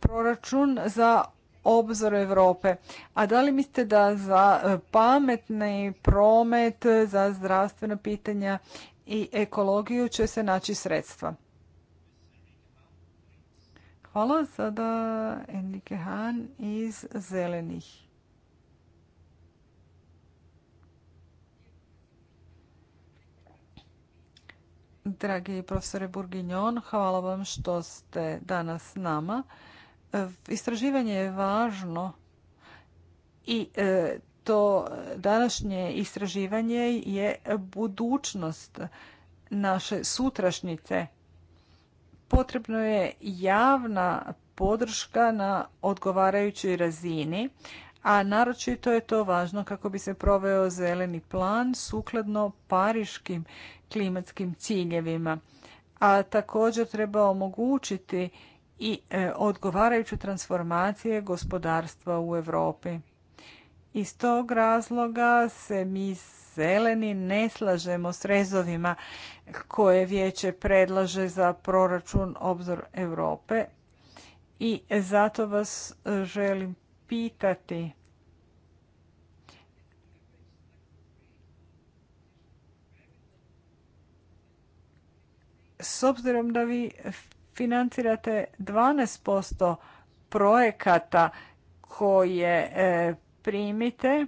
proračun za obzor Europe. A da li mislite da za e, pametni promet, za zdravstvena pitanja i ekologiju će se naći sredstva? Hvala. Sada Enrique Han iz Zelenih. Dragi profesore Burginjon, hvala vam što ste danas s nama. Istraživanje je važno i e, to današnje istraživanje je budućnost naše sutrašnjice. Potrebno je javna podrška na odgovarajućoj razini, a naročito je to važno kako bi se proveo zeleni plan sukladno pariškim klimatskim ciljevima. A također treba omogućiti i e, odgovarajuće transformacije gospodarstva u Europi. Iz tog razloga se mi zeleni ne slažemo s rezovima koje vijeće predlaže za proračun Obzor Europe i zato vas e, želim pitati S obzirom da vi financirate 12% projekata koje e, primite,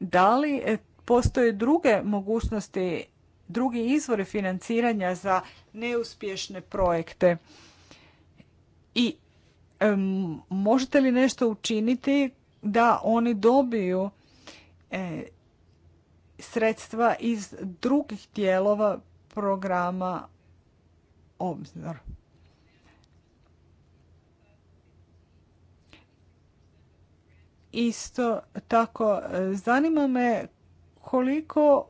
da li e, postoje druge mogućnosti, drugi izvori financiranja za neuspješne projekte? I e, možete li nešto učiniti da oni dobiju sredstva iz drugih dijelova programa Obzor? Isto tako, e, zanima me koliko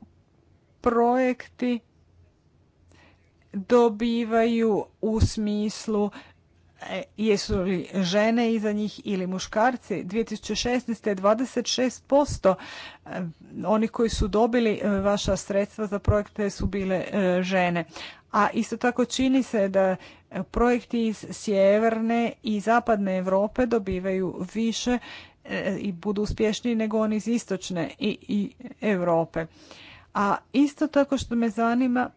projekti dobivaju u smislu e, jesu li žene iza njih ili muškarci. 2016. je 26% oni koji su dobili e, vaša sredstva za projekte su bile žene. A isto tako čini se da projekti iz sjeverne i zapadne Europe dobivaju više E, i budu uspješniji nego oni iz istočne i, i Europe. A isto tako što me zanima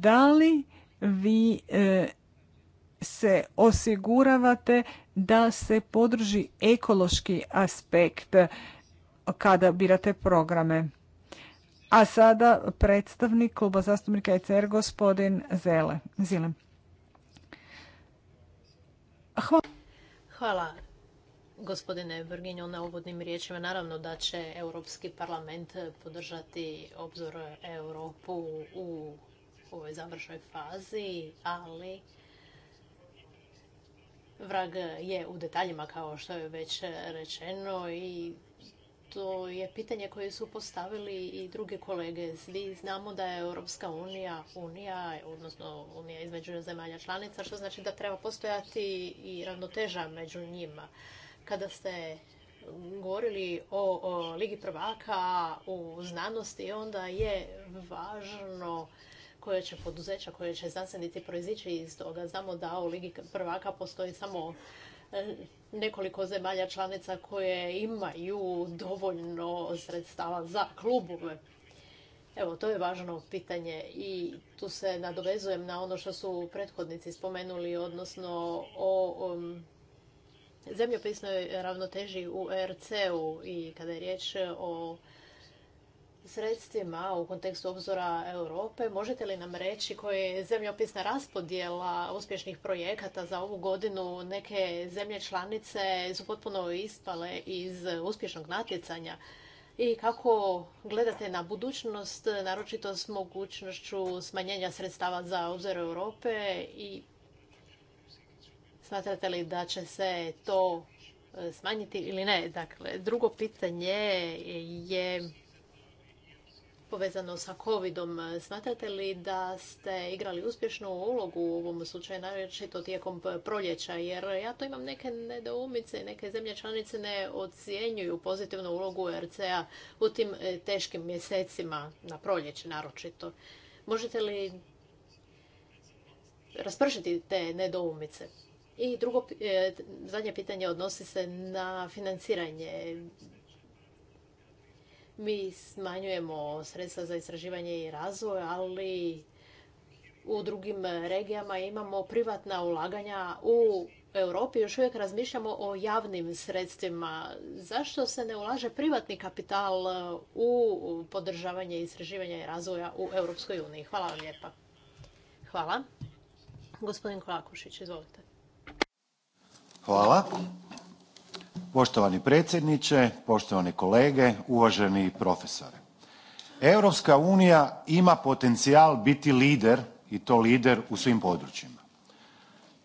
da li vi e, se osiguravate da se podrži ekološki aspekt kada birate programe. A sada predstavnik kluba zastupnika ECR, gospodin Zele. Hvala gospodine Brginju na uvodnim riječima. Naravno da će Europski parlament podržati obzor Europu u ovoj završnoj fazi, ali vrag je u detaljima kao što je već rečeno i to je pitanje koje su postavili i druge kolege. Svi znamo da je Europska unija, unija, odnosno unija između zemalja članica, što znači da treba postojati i ravnoteža među njima. Kada ste govorili o, Ligi prvaka u znanosti, onda je važno koje će poduzeća, koje će znanstvenici proizići iz toga. Znamo da u Ligi prvaka postoji samo nekoliko zemalja članica koje imaju dovoljno sredstava za klubove. Evo, to je važno pitanje i tu se nadovezujem na ono što su prethodnici spomenuli, odnosno o um, zemljopisnoj ravnoteži u rc u i kada je riječ o sredstvima u kontekstu obzora Europe. Možete li nam reći koja je zemljopisna raspodjela uspješnih projekata za ovu godinu? Neke zemlje članice su potpuno ispale iz uspješnog natjecanja. I kako gledate na budućnost, naročito s mogućnošću smanjenja sredstava za obzor Europe i smatrate li da će se to e, smanjiti ili ne? Dakle, drugo pitanje je povezano sa covidom. Smatrate li da ste igrali uspješnu ulogu u ovom slučaju, naročito tijekom proljeća? Jer ja to imam neke nedoumice, neke zemlje članice ne ocjenjuju pozitivnu ulogu RCA u tim e, teškim mjesecima, na proljeće naročito. Možete li raspršiti te nedoumice? I drugo, e, zadnje pitanje odnosi se na financiranje. Mi smanjujemo sredstva za istraživanje i razvoj, ali u drugim regijama imamo privatna ulaganja u Europi još uvijek razmišljamo o javnim sredstvima. Zašto se ne ulaže privatni kapital u podržavanje istraživanja i razvoja u Europskoj uniji? Hvala vam lijepa. Hvala. Gospodin Kolakušić, izvolite. Hvala. Poštovani predsjedniče, poštovani kolege, uvaženi profesore. Europska unija ima potencijal biti lider i to lider u svim područjima.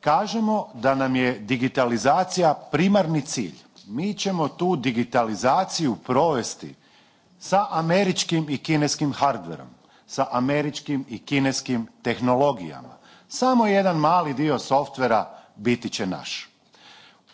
Kažemo da nam je digitalizacija primarni cilj. Mi ćemo tu digitalizaciju provesti sa američkim i kineskim hardverom, sa američkim i kineskim tehnologijama. Samo jedan mali dio softvera biti će naš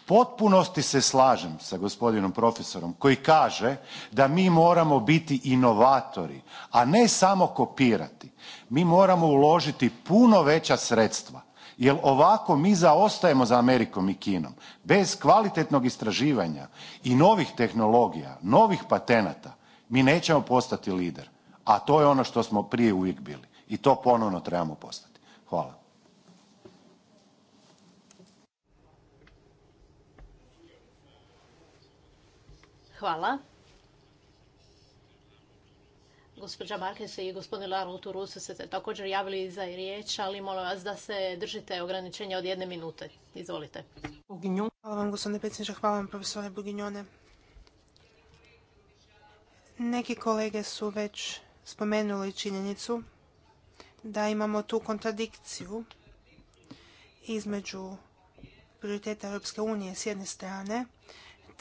potpunosti se slažem sa gospodinom profesorom koji kaže da mi moramo biti inovatori, a ne samo kopirati. Mi moramo uložiti puno veća sredstva jer ovako mi zaostajemo za Amerikom i Kinom. Bez kvalitetnog istraživanja i novih tehnologija, novih patenata mi nećemo postati lider, a to je ono što smo prije uvijek bili i to ponovno trebamo postati. Hvala. Hvala. Gospođa Markes i gospodin Laru su se također javili za riječ, ali molim vas da se držite ograničenja od jedne minute. Izvolite. Hvala vam, gospodine predsjedniče. Hvala vam, profesore Buginjone. Neki kolege su već spomenuli činjenicu da imamo tu kontradikciju između prioriteta Europske unije s jedne strane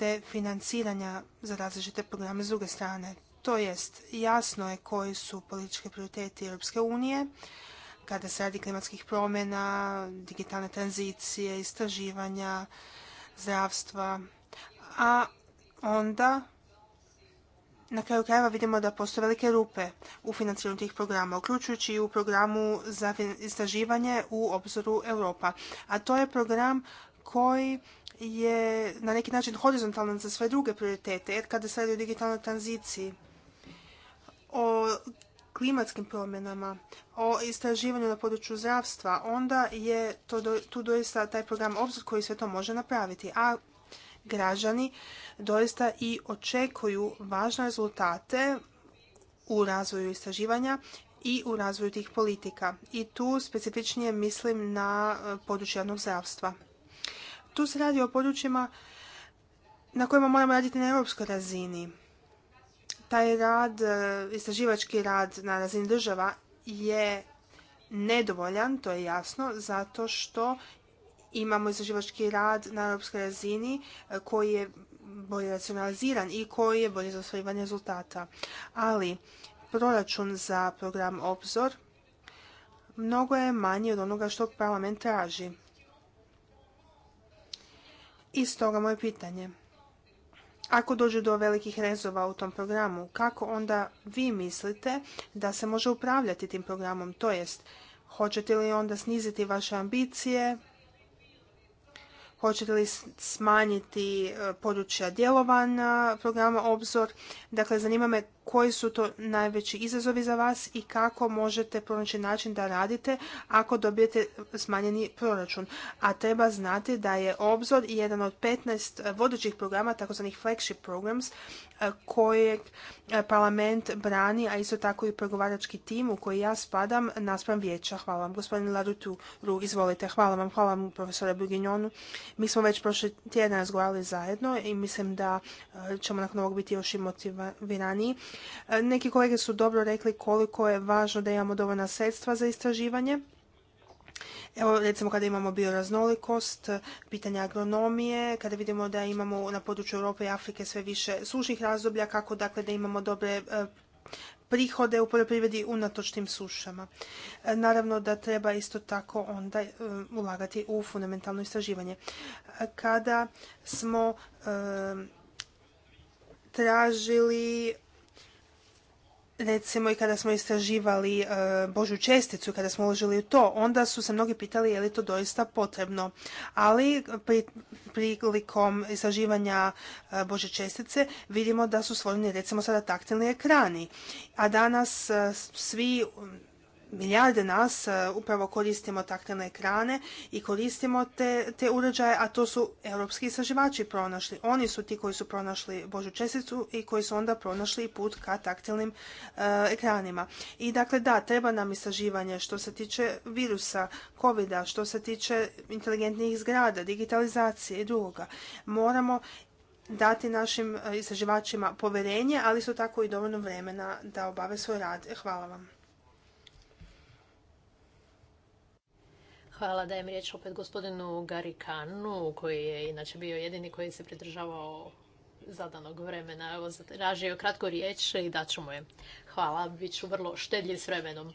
te financiranja za različite programe s druge strane. To jest, jasno je koji su politički prioriteti Europske unije kada se radi klimatskih promjena, digitalne tranzicije, istraživanja, zdravstva, a onda na kraju krajeva vidimo da postoje velike rupe u financiranju tih programa, uključujući i u programu za istraživanje u obzoru Europa. A to je program koji je na neki način horizontalan za sve druge prioritete, jer kada se radi o digitalnoj tranziciji, o klimatskim promjenama, o istraživanju na području zdravstva, onda je to tu doista taj program obzor koji sve to može napraviti. A građani doista i očekuju važne rezultate u razvoju istraživanja i u razvoju tih politika. I tu specifičnije mislim na eh, područje javnog zdravstva. Tu se radi o područjima na kojima moramo raditi na europskoj razini. Taj rad, e, istraživački rad na razini država je nedovoljan, to je jasno, zato što imamo istraživački rad na europskoj razini e, koji je bolje racionaliziran i koji je bolje za ostvarivanje rezultata. Ali proračun za program Obzor mnogo je manji od onoga što parlament traži. I stoga moje pitanje. Ako dođe do velikih rezova u tom programu, kako onda vi mislite da se može upravljati tim programom? To jest, hoćete li onda sniziti vaše ambicije hoćete li smanjiti e, područja djelovanja programa Obzor. Dakle, zanima me koji su to najveći izazovi za vas i kako možete pronaći način da radite ako dobijete smanjeni proračun. A treba znati da je Obzor jedan od 15 vodećih programa, takozvanih flagship programs, kojeg e, parlament brani, a isto tako i pregovarački tim u koji ja spadam naspram vijeća. Hvala vam. Gospodin Larutu, izvolite. Hvala vam, hvala vam profesora Buginjonu. Mi smo već prošli tjedan razgovarali zajedno i mislim da e, ćemo nakon ovog biti još i motiviraniji. E, neki kolege su dobro rekli koliko je važno da imamo dovoljna sredstva za istraživanje Evo recimo kada imamo bioraznolikost, pitanje agronomije, kada vidimo da imamo na području Europe i Afrike sve više sušnih razdoblja, kako dakle da imamo dobre e, prihode u poljoprivredi unatoč tim sušama. E, naravno da treba isto tako onda e, ulagati u fundamentalno istraživanje. Kada smo tražili recimo i kada smo istraživali e, Božu česticu, kada smo uložili u to, onda su se mnogi pitali je li to doista potrebno. Ali prilikom istraživanja e, Bože čestice vidimo da su stvoreni recimo sada taktilni ekrani. A danas e, svi milijarde nas e, upravo koristimo taktilne ekrane i koristimo te, te uređaje, a to su europski istraživači pronašli. Oni su ti koji su pronašli Božu česticu i koji su onda pronašli put ka taktilnim e, ekranima. I dakle, da, treba nam istraživanje što se tiče virusa, covid što se tiče inteligentnih zgrada, digitalizacije i drugoga. Moramo dati našim e, istraživačima poverenje, ali su tako i dovoljno vremena da obave svoj rad. Hvala vam. Hvala, dajem riječ opet gospodinu Garikanu, koji je inače bio jedini koji se pridržavao zadanog vremena. Evo, je kratko riječ i daću mu je. Hvala, bit ću vrlo štedljiv s vremenom.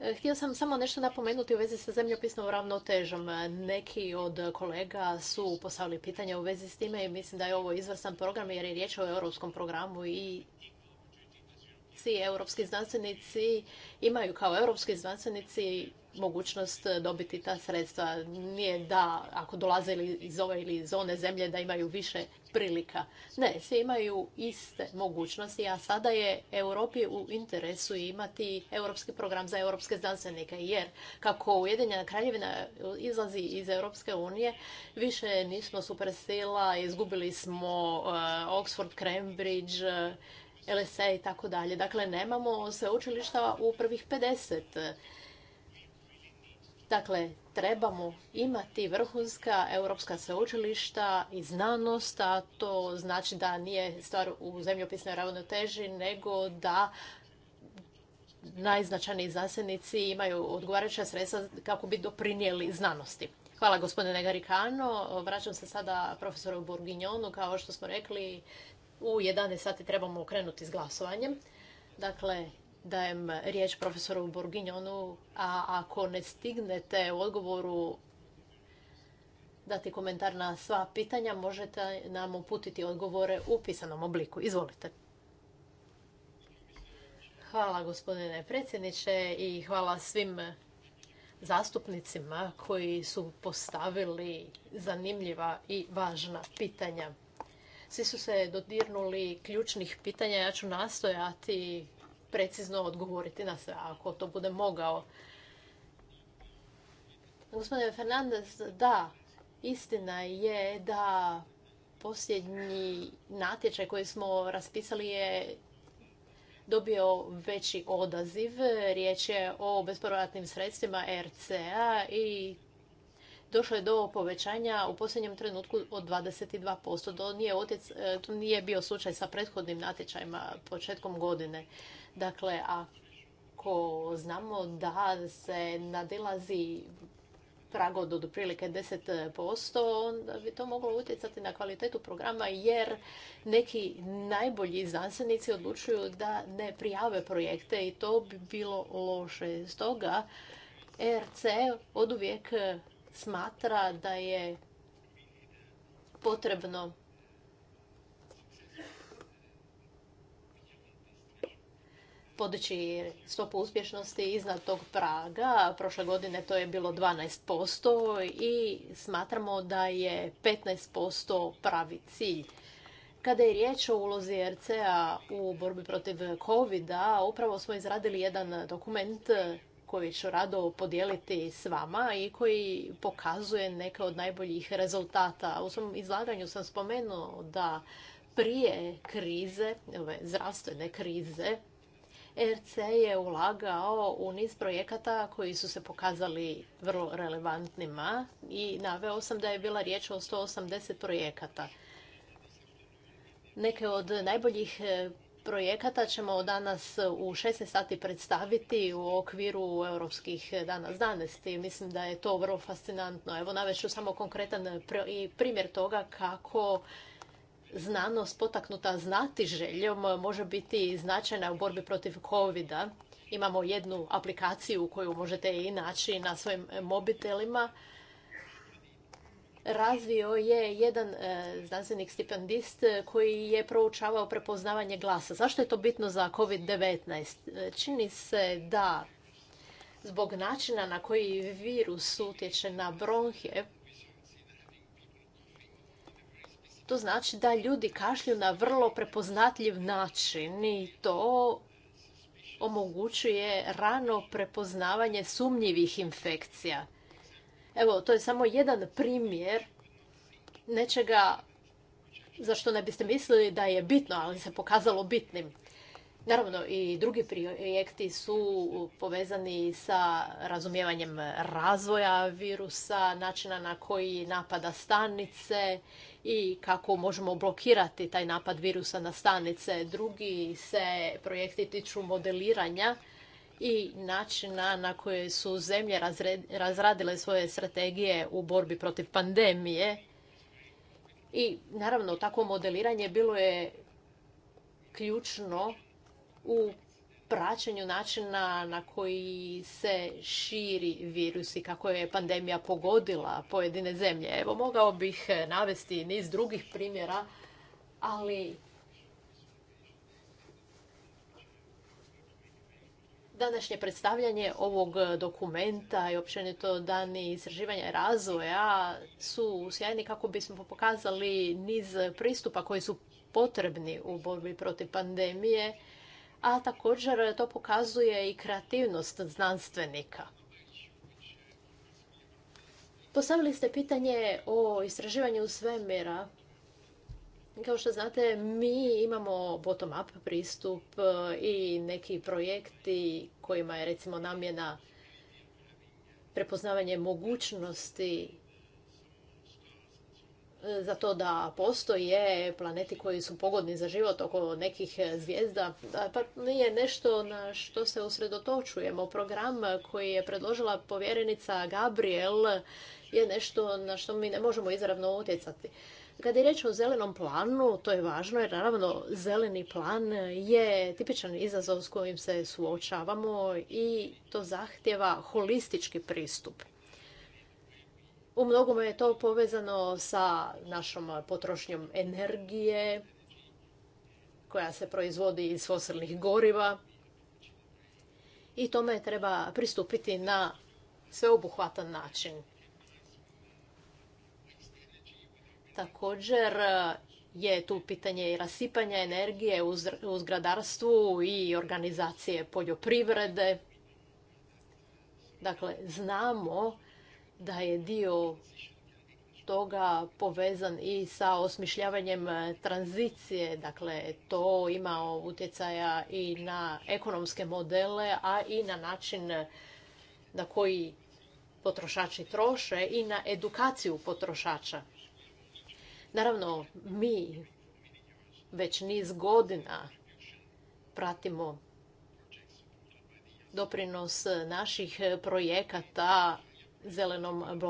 E, htio sam samo nešto napomenuti u vezi sa zemljopisnom ravnotežom. Neki od kolega su postavili pitanja u vezi s time i mislim da je ovo izvrstan program jer je riječ o europskom programu i znanstvenici, europski znanstvenici imaju kao europski znanstvenici mogućnost dobiti ta sredstva. Nije da ako dolaze iz ove ili iz one zemlje da imaju više prilika. Ne, svi imaju iste mogućnosti, a sada je Europi u interesu imati europski program za europske znanstvenike, jer kako Ujedinjena kraljevina izlazi iz Europske unije, više nismo supersila, izgubili smo eh, Oxford, Cambridge, LSE i tako dalje. Dakle, nemamo sveučilišta u prvih 50. Dakle, trebamo imati vrhunska europska sveučilišta i znanost, a to znači da nije stvar u zemljopisnoj ravnoteži, nego da najznačajniji znanstvenici imaju odgovarajuća sredstva kako bi doprinijeli znanosti. Hvala gospodine Garikano. Vraćam se sada profesoru Burginjonu. Kao što smo rekli, u 11 sati trebamo krenuti s glasovanjem. Dakle, dajem riječ profesoru Borginjonu, a ako ne stignete u odgovoru dati komentar na sva pitanja, možete nam uputiti odgovore u pisanom obliku. Izvolite. Hvala gospodine predsjedniče i hvala svim zastupnicima koji su postavili zanimljiva i važna pitanja. Svi su se dodirnuli ključnih pitanja. Ja ću nastojati precizno odgovoriti na sve, ako to bude mogao. Gospodine Fernandez, da, istina je da posljednji natječaj koji smo raspisali je dobio veći odaziv. Riječ je o bespovratnim sredstvima RCA i došlo je do povećanja u posljednjem trenutku od 22%. To nije, e, to nije bio slučaj sa prethodnim natječajima početkom godine. Dakle, ako znamo da se nadilazi prag od otprilike 10%, onda bi to moglo utjecati na kvalitetu programa jer neki najbolji znanstvenici odlučuju da ne prijave projekte i to bi bilo loše. Stoga ERC oduvijek smatra da je potrebno podići stopu uspješnosti iznad tog praga. Prošle godine to je bilo 12% i smatramo da je 15% pravi cilj. Kada je riječ o ulozi RCA u borbi protiv covid upravo smo izradili jedan dokument koji ću rado podijeliti s vama i koji pokazuje neke od najboljih rezultata. U svom izlaganju sam spomenuo da prije krize, ove zdravstvene krize, rc je ulagao u niz projekata koji su se pokazali vrlo relevantnima i naveo sam da je bila riječ o 180 projekata. Neke od najboljih projekata ćemo danas u 16 sati predstaviti u okviru europskih dana znanosti. Mislim da je to vrlo fascinantno. Evo ću samo konkretan primjer toga kako znanost potaknuta znati željom može biti značajna u borbi protiv covid Imamo jednu aplikaciju koju možete i naći na svojim mobitelima razvio je jedan e, znanstvenik stipendist e, koji je proučavao prepoznavanje glasa. Zašto je to bitno za COVID-19? E, čini se da zbog načina na koji virus utječe na bronhe, to znači da ljudi kašlju na vrlo prepoznatljiv način i to omogućuje rano prepoznavanje sumnjivih infekcija. Evo, to je samo jedan primjer nečega za što ne biste mislili da je bitno, ali se pokazalo bitnim. Naravno, i drugi projekti su povezani sa razumijevanjem razvoja virusa, načina na koji napada stanice i kako možemo blokirati taj napad virusa na stanice. Drugi se projekti tiču modeliranja i načina na koje su zemlje razradile svoje strategije u borbi protiv pandemije. I naravno takvo modeliranje bilo je ključno u praćenju načina na koji se širi virus i kako je pandemija pogodila pojedine zemlje. Evo, mogao bih navesti niz drugih primjera, ali Današnje predstavljanje ovog e, dokumenta i općenito dani istraživanja razvoja su sjajni kako bismo pokazali niz pristupa koji su potrebni u borbi protiv pandemije, a također to pokazuje i kreativnost znanstvenika. Postavili ste pitanje o istraživanju svemira kao što znate, mi imamo bottom-up pristup e, i neki projekti kojima je recimo namjena prepoznavanje mogućnosti e, za to da postoje planeti koji su pogodni za život oko nekih zvijezda. Pa nije nešto na što se usredotočujemo. Program koji je predložila povjerenica Gabriel je nešto na što mi ne možemo izravno utjecati. Kada je riječ o zelenom planu, to je važno jer naravno zeleni plan je tipičan izazov s kojim se suočavamo i to zahtjeva holistički pristup. U mnogome je to povezano sa našom potrošnjom energije koja se proizvodi iz fosilnih goriva i tome treba pristupiti na sveobuhvatan način. Također e, je tu pitanje i rasipanja energije u zgradarstvu i organizacije poljoprivrede. Dakle, znamo da je dio toga povezan i sa osmišljavanjem e, tranzicije. Dakle, to ima utjecaja i na ekonomske modele, a i na način e, na koji potrošači troše i na edukaciju potrošača. Naravno, mi već niz godina pratimo doprinos naših projekata zelenom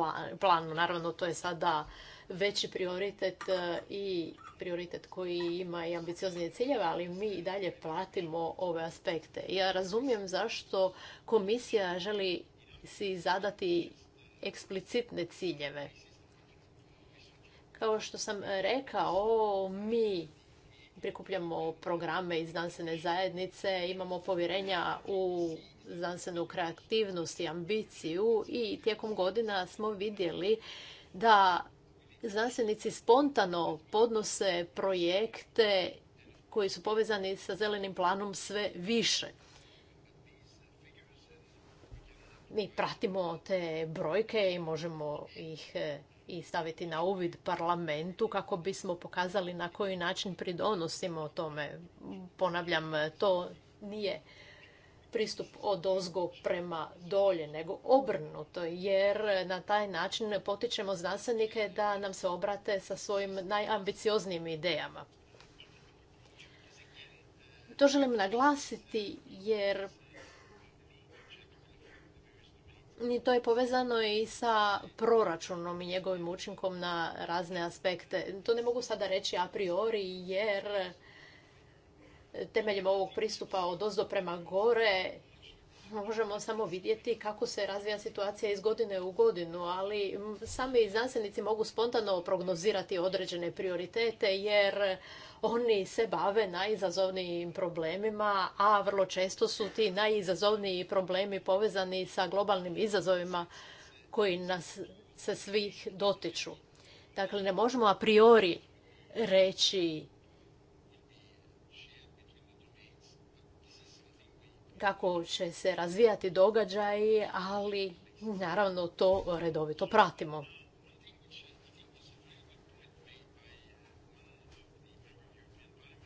planu. Naravno, to je sada veći prioritet e, i prioritet koji ima i ambicioznije ciljeve, ali mi i dalje platimo ove aspekte. Ja razumijem zašto komisija želi si zadati eksplicitne ciljeve. Kao što sam e, rekao, mi prikupljamo programe iz znanstvene zajednice, imamo povjerenja u znanstvenu kreativnost i ambiciju i tijekom godina smo vidjeli da znanstvenici spontano podnose projekte koji su povezani sa zelenim planom sve više. Mi pratimo te brojke i možemo ih e, i staviti na uvid parlamentu kako bismo pokazali na koji način pridonosimo o tome. Ponavljam, to nije pristup od ozgo prema dolje, nego obrnuto, jer na taj način potičemo znanstvenike da nam se obrate sa svojim najambicioznijim idejama. To želim naglasiti jer i to je povezano i sa proračunom i njegovim učinkom na razne aspekte. To ne mogu sada reći a priori jer temeljem ovog pristupa od ozdo prema gore možemo samo vidjeti kako se razvija situacija iz godine u godinu, ali sami znanstvenici mogu spontano prognozirati određene prioritete jer oni se bave najizazovnijim problemima, a vrlo često su ti najizazovniji problemi povezani sa globalnim izazovima koji nas se svih dotiču. Dakle, ne možemo a priori reći kako će se razvijati događaj, ali naravno to redovito pratimo.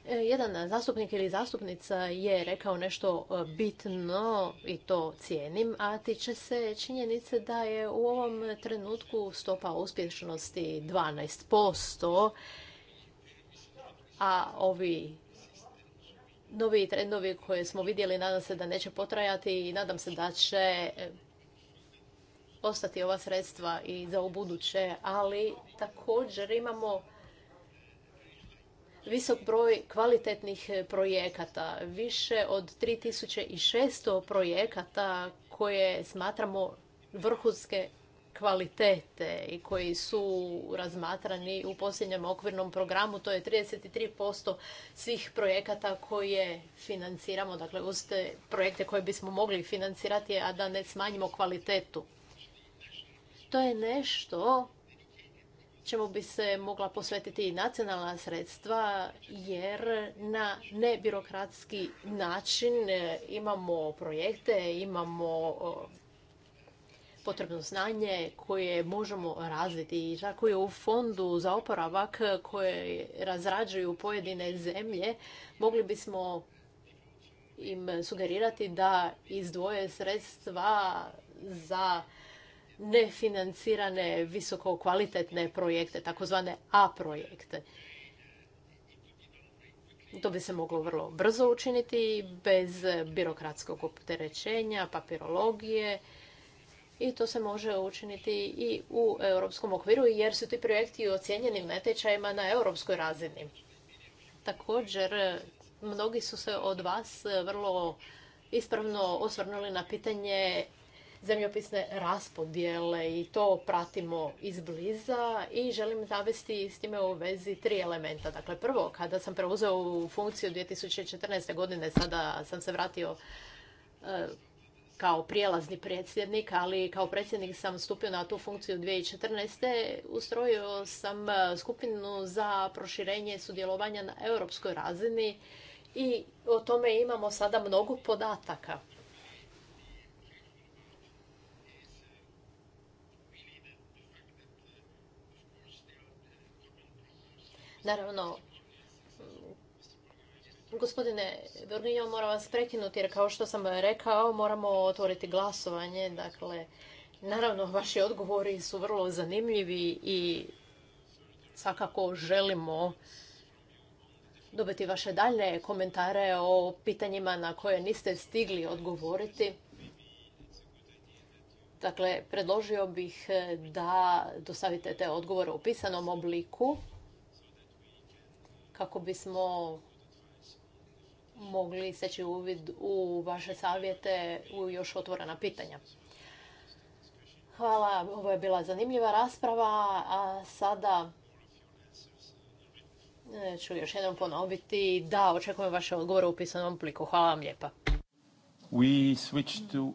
E, jedan zastupnik ili zastupnica je rekao nešto e, bitno i to cijenim, a tiče se činjenice da je u ovom trenutku stopa uspješnosti 12%, a ovi novi trendovi koje smo vidjeli nadam se da neće potrajati i nadam se da će e, ostati ova sredstva i za buduće. ali također imamo visok broj kvalitetnih projekata, više od 3600 projekata koje smatramo vrhunske kvalitete i koji su razmatrani u posljednjem okvirnom programu. To je 33% svih projekata koje financiramo, dakle uz te projekte koje bismo mogli financirati, a da ne smanjimo kvalitetu. To je nešto čemu bi se mogla posvetiti i nacionalna sredstva, jer na nebirokratski način e, imamo projekte, imamo potrebno znanje koje možemo razviti i tako je u fondu za oporavak koje razrađuju pojedine zemlje mogli bismo im sugerirati da izdvoje sredstva za nefinancirane visoko kvalitetne projekte, takozvane A projekte. To bi se moglo vrlo brzo učiniti bez birokratskog opterećenja, papirologije i to se može učiniti i u europskom okviru jer su ti projekti ocijenjeni natječajima na europskoj razini. Također, mnogi su se od vas vrlo ispravno osvrnuli na pitanje zemljopisne raspodjele i to pratimo izbliza i želim navesti s time u vezi tri elementa. Dakle, prvo, kada sam preuzeo u funkciju 2014. godine, sada sam se vratio e, kao prijelazni predsjednik, ali kao predsjednik sam stupio na tu funkciju 2014. Ustrojio sam e, skupinu za proširenje sudjelovanja na europskoj razini i o tome imamo sada mnogo podataka. Naravno, Gospodine Dorginjo, moram vas prekinuti jer kao što sam rekao, moramo otvoriti glasovanje. Dakle, naravno, vaši odgovori su vrlo zanimljivi i svakako želimo dobiti vaše dalje komentare o pitanjima na koje niste stigli odgovoriti. Dakle, predložio bih e, da dostavite te odgovore u pisanom obliku kako bismo mogli steći uvid u vaše savjete u još otvorena pitanja. Hvala, ovo je bila zanimljiva rasprava, a sada e, ću još jednom ponoviti da očekujem vaše odgovore u pisanom obliku. Hvala vam lijepa. We switch to...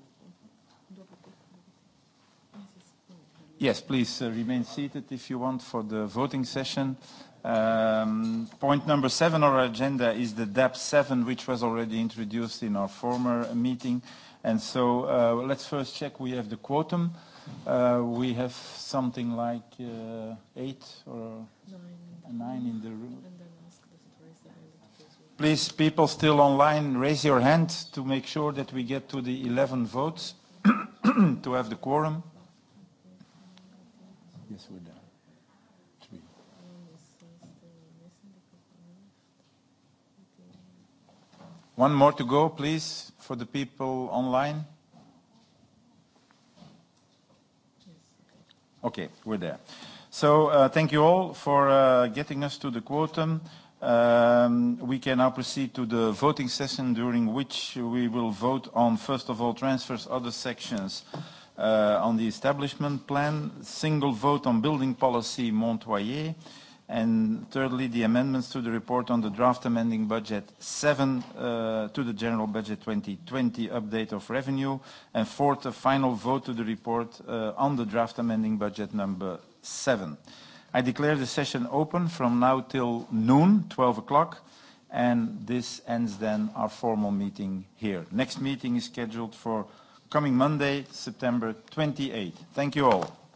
Yes, please uh, remain seated if you want for the voting session. Um, point number seven on our agenda is the DAP 7, which was already introduced in our former meeting. And so uh, let's first check we have the quotum. Uh, we have something like uh, eight or nine, nine in the room. Please, people still online, raise your hand to make sure that we get to the 11 votes to have the quorum. Yes, we do. One more to go, please, for the people online. Okay, we're there. So, uh, thank you all for uh, getting us to the quorum. Um, we can now proceed to the voting session, during which we will vote on, first of all, transfers, other sections, uh, on the establishment plan, single vote on building policy, Montoyer, And thirdly, the amendments to the report on the draft amending budget 7 uh, to the general budget 2020 update of revenue. And fourth, a final vote to the report uh, on the draft amending budget number 7. I declare the session open from now till noon, 12 o'clock. And this ends then our formal meeting here. Next meeting is scheduled for coming Monday, September 28. Thank you all.